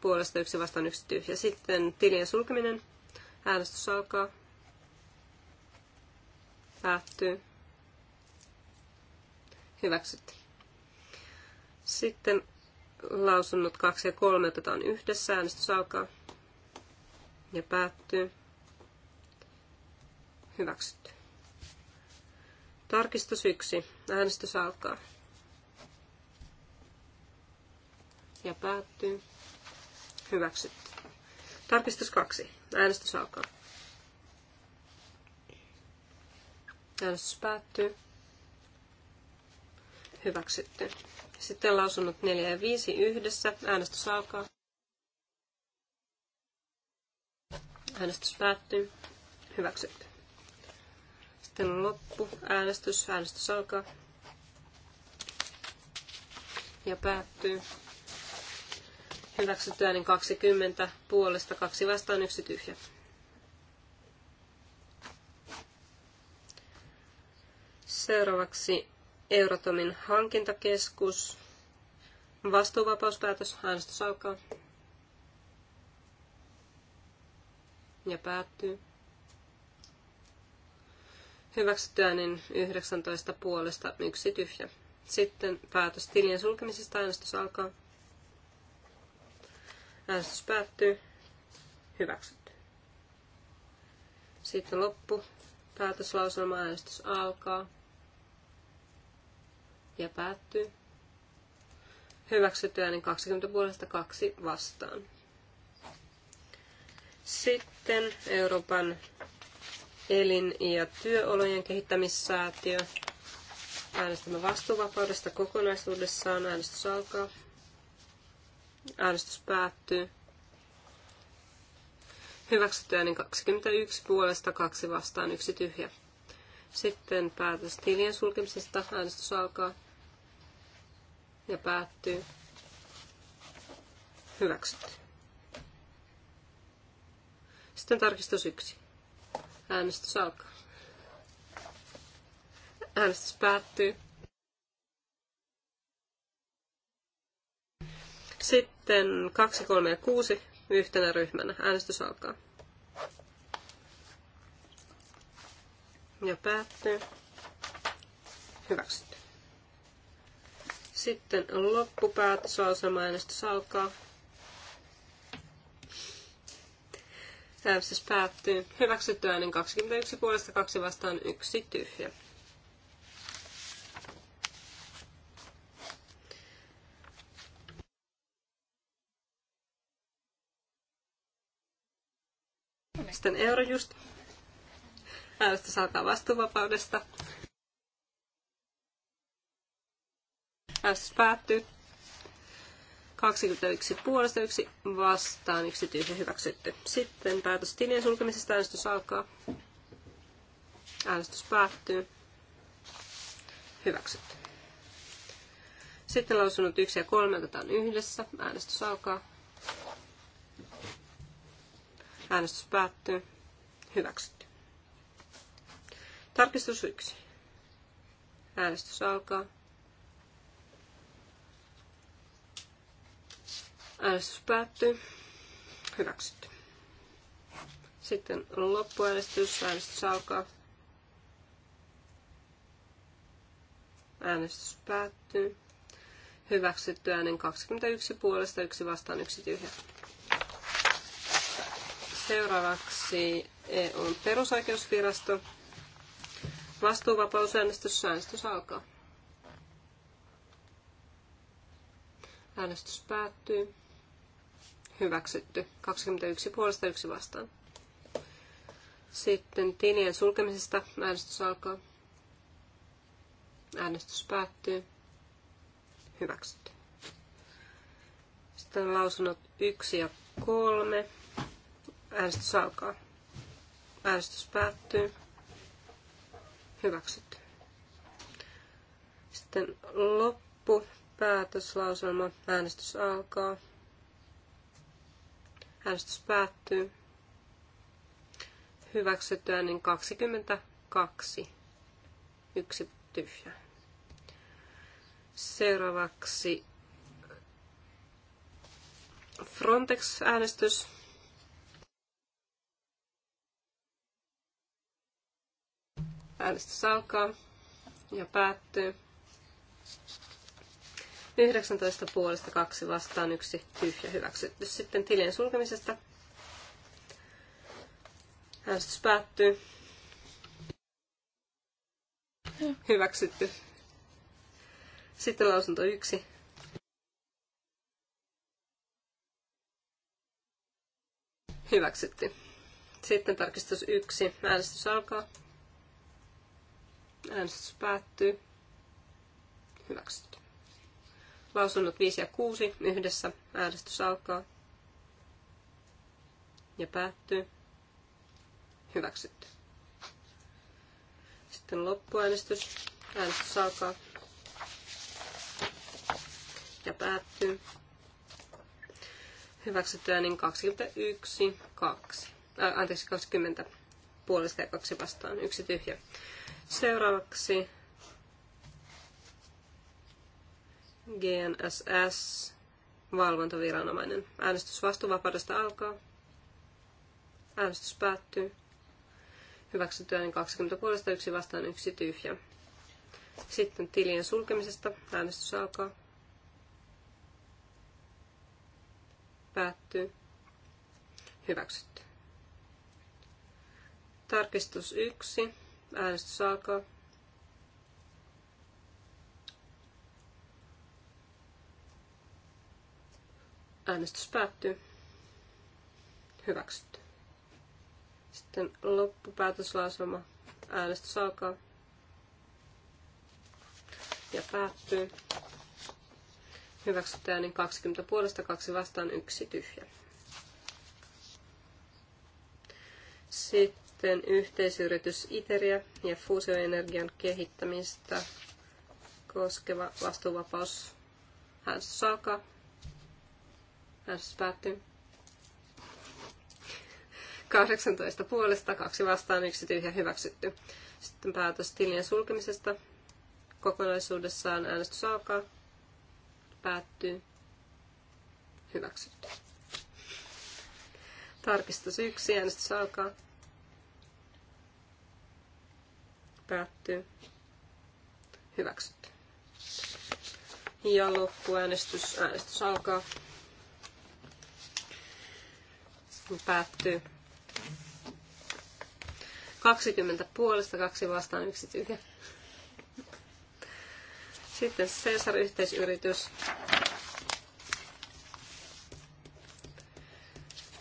Puolesta yksi vastaan yksi tyhjä. Sitten tilien sulkeminen. Äänestys alkaa. Päättyy. Hyväksytty. Sitten lausunnot 2 ja 3 otetaan yhdessä. Äänestys alkaa ja päättyy. Hyväksytty. Tarkistus 1. Äänestys alkaa. Ja päättyy. Hyväksytty. Tarkistus 2. Äänestys alkaa. Äänestys päättyy. Hyväksytty. Sitten lausunnot 4 ja 5 yhdessä. Äänestys alkaa. Äänestys päättyy. Hyväksytty. Sitten on loppu. Äänestys. Äänestys alkaa. Ja päättyy. Hyväksyttyä niin 20 puolesta, kaksi vastaan, yksi tyhjä. Seuraavaksi Eurotomin hankintakeskus. Vastuuvapauspäätös. Äänestys alkaa. Ja päättyy. Hyväksyttyä niin 19 puolesta, yksi tyhjä. Sitten päätös tilien sulkemisesta. Äänestys alkaa. Äänestys päättyy. Hyväksytty. Sitten loppu. Päätöslauselma äänestys alkaa. Ja päättyy. Hyväksytty äänen 20 puolesta 2 vastaan. Sitten Euroopan elin- ja työolojen kehittämissäätiö. Äänestämme vastuuvapaudesta kokonaisuudessaan. Äänestys alkaa Äänestys päättyy. Hyväksyttyä niin 21 puolesta, kaksi vastaan, yksi tyhjä. Sitten päätös tilien sulkemisesta. Äänestys alkaa ja päättyy. Hyväksytty. Sitten tarkistus 1. Äänestys alkaa. Äänestys päättyy. Sitten 2, 3 ja 6 yhtenä ryhmänä. Äänestys alkaa. Ja päättyy. Hyväksytty. Sitten loppupäätösasema äänestys alkaa. Äänestys päättyy. Hyväksytty äänen 21 puolesta, 2 vastaan, 1 tyhjä. Sitten Eurojust. Äänestys alkaa vastuuvapaudesta. Äänestys päättyy. 21 puolesta, yksi vastaan, yksi tyhjä hyväksytty. Sitten päätös tilien sulkemisesta äänestys alkaa. Äänestys päättyy. Hyväksytty. Sitten lausunnot 1 ja 3 otetaan yhdessä. Äänestys alkaa. Äänestys päättyy. Hyväksytty. Tarkistus 1. Äänestys alkaa. Äänestys päättyy. Hyväksytty. Sitten loppuäänestys. Äänestys alkaa. Äänestys päättyy. Hyväksytty äänen 21 puolesta, yksi vastaan, yksi tyhjä. Seuraavaksi EUn perusoikeusvirasto. Vastuuvapausäänestys. Äänestys alkaa. Äänestys päättyy. Hyväksytty. 21 puolesta yksi vastaan. Sitten tilien sulkemisesta äänestys alkaa. Äänestys päättyy. Hyväksytty. Sitten lausunnot 1 ja 3. Äänestys alkaa. Äänestys päättyy. Hyväksytty. Sitten loppu. Päätöslauselma. Äänestys alkaa. Äänestys päättyy. Hyväksytty niin 22. Yksi tyhjä. Seuraavaksi Frontex-äänestys. Äänestys alkaa ja päättyy. 19 puolesta 2 vastaan yksi tyhjä hyväksytty. Sitten tilien sulkemisesta. Äänestys päättyy. Hyväksytty. Sitten lausunto 1. Hyväksytty. Sitten tarkistus 1. Äänestys alkaa. Äänestys päättyy. Hyväksytty. Lausunnot 5 ja 6 yhdessä. Äänestys alkaa. Ja päättyy. Hyväksytty. Sitten loppuäänestys. Äänestys alkaa. Ja päättyy. Hyväksytty äänin 21, 2. Äh, anteeksi, 20 puolesta ja kaksi vastaan. Yksi tyhjä. Seuraavaksi GNSS, valvontaviranomainen. Äänestys vastuuvapaudesta alkaa. Äänestys päättyy. Hyväksytään niin 20 puolesta, yksi vastaan, yksi tyhjä. Sitten tilien sulkemisesta. Äänestys alkaa. Päättyy. Hyväksytty. Tarkistus 1 Äänestys alkaa. Äänestys päättyy. Hyväksytty. Sitten loppupäätöslausuma. Äänestys alkaa. Ja päättyy. Hyväksytään niin 20 puolesta, kaksi vastaan, yksi tyhjä. Sitten sitten yhteisyritys Iteria ja fuusioenergian kehittämistä koskeva vastuuvapaus S. saaka S. päättyy. 18 puolesta, kaksi vastaan, yksi tyhjä hyväksytty. Sitten päätös tilien sulkemisesta. Kokonaisuudessaan äänestys alkaa. Päättyy. Hyväksytty. Tarkistus yksi, äänestys alkaa. Päättyy. Hyväksytty. Ja loppuäänestys. Äänestys alkaa. Päättyy. 20 puolesta, kaksi vastaan, yksi tyhjä. Sitten Cesar-yhteisyritys.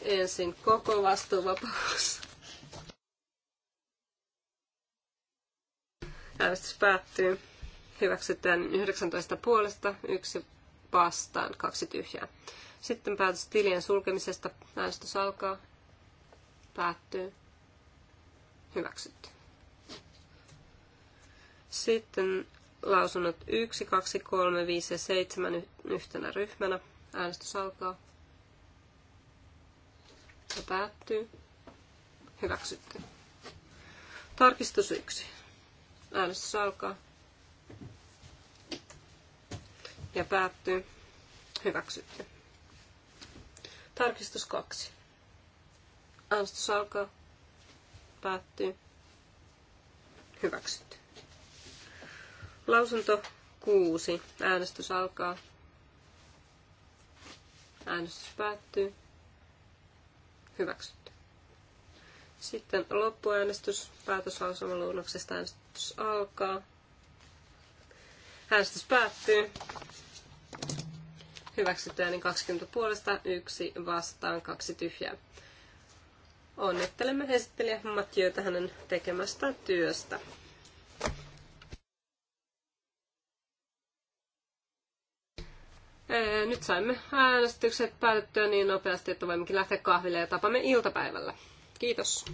Ensin koko vastuuvapaus. Äänestys päättyy. Hyväksytään 19 puolesta, yksi vastaan, kaksi tyhjää. Sitten päätös tilien sulkemisesta. Äänestys alkaa. Päättyy. Hyväksytty. Sitten lausunnot 1, 2, 3, 5 ja 7 yhtenä ryhmänä. Äänestys alkaa. Ja päättyy. Hyväksytty. Tarkistus 1. Äänestys alkaa. Ja päättyy. Hyväksytty. Tarkistus kaksi. Äänestys alkaa. Päättyy. Hyväksytty. Lausunto kuusi. Äänestys alkaa. Äänestys päättyy. Hyväksytty. Sitten loppuäänestys päätöslausumaluunnoksesta äänestys Äänestys alkaa. Äänestys päättyy. Hyväksytään niin 20 puolesta, yksi vastaan, kaksi tyhjää. Onnittelemme esittelijä Mattiötä hänen tekemästä työstä. Nyt saimme äänestykset päätettyä niin nopeasti, että voimmekin lähteä kahville ja tapamme iltapäivällä. Kiitos.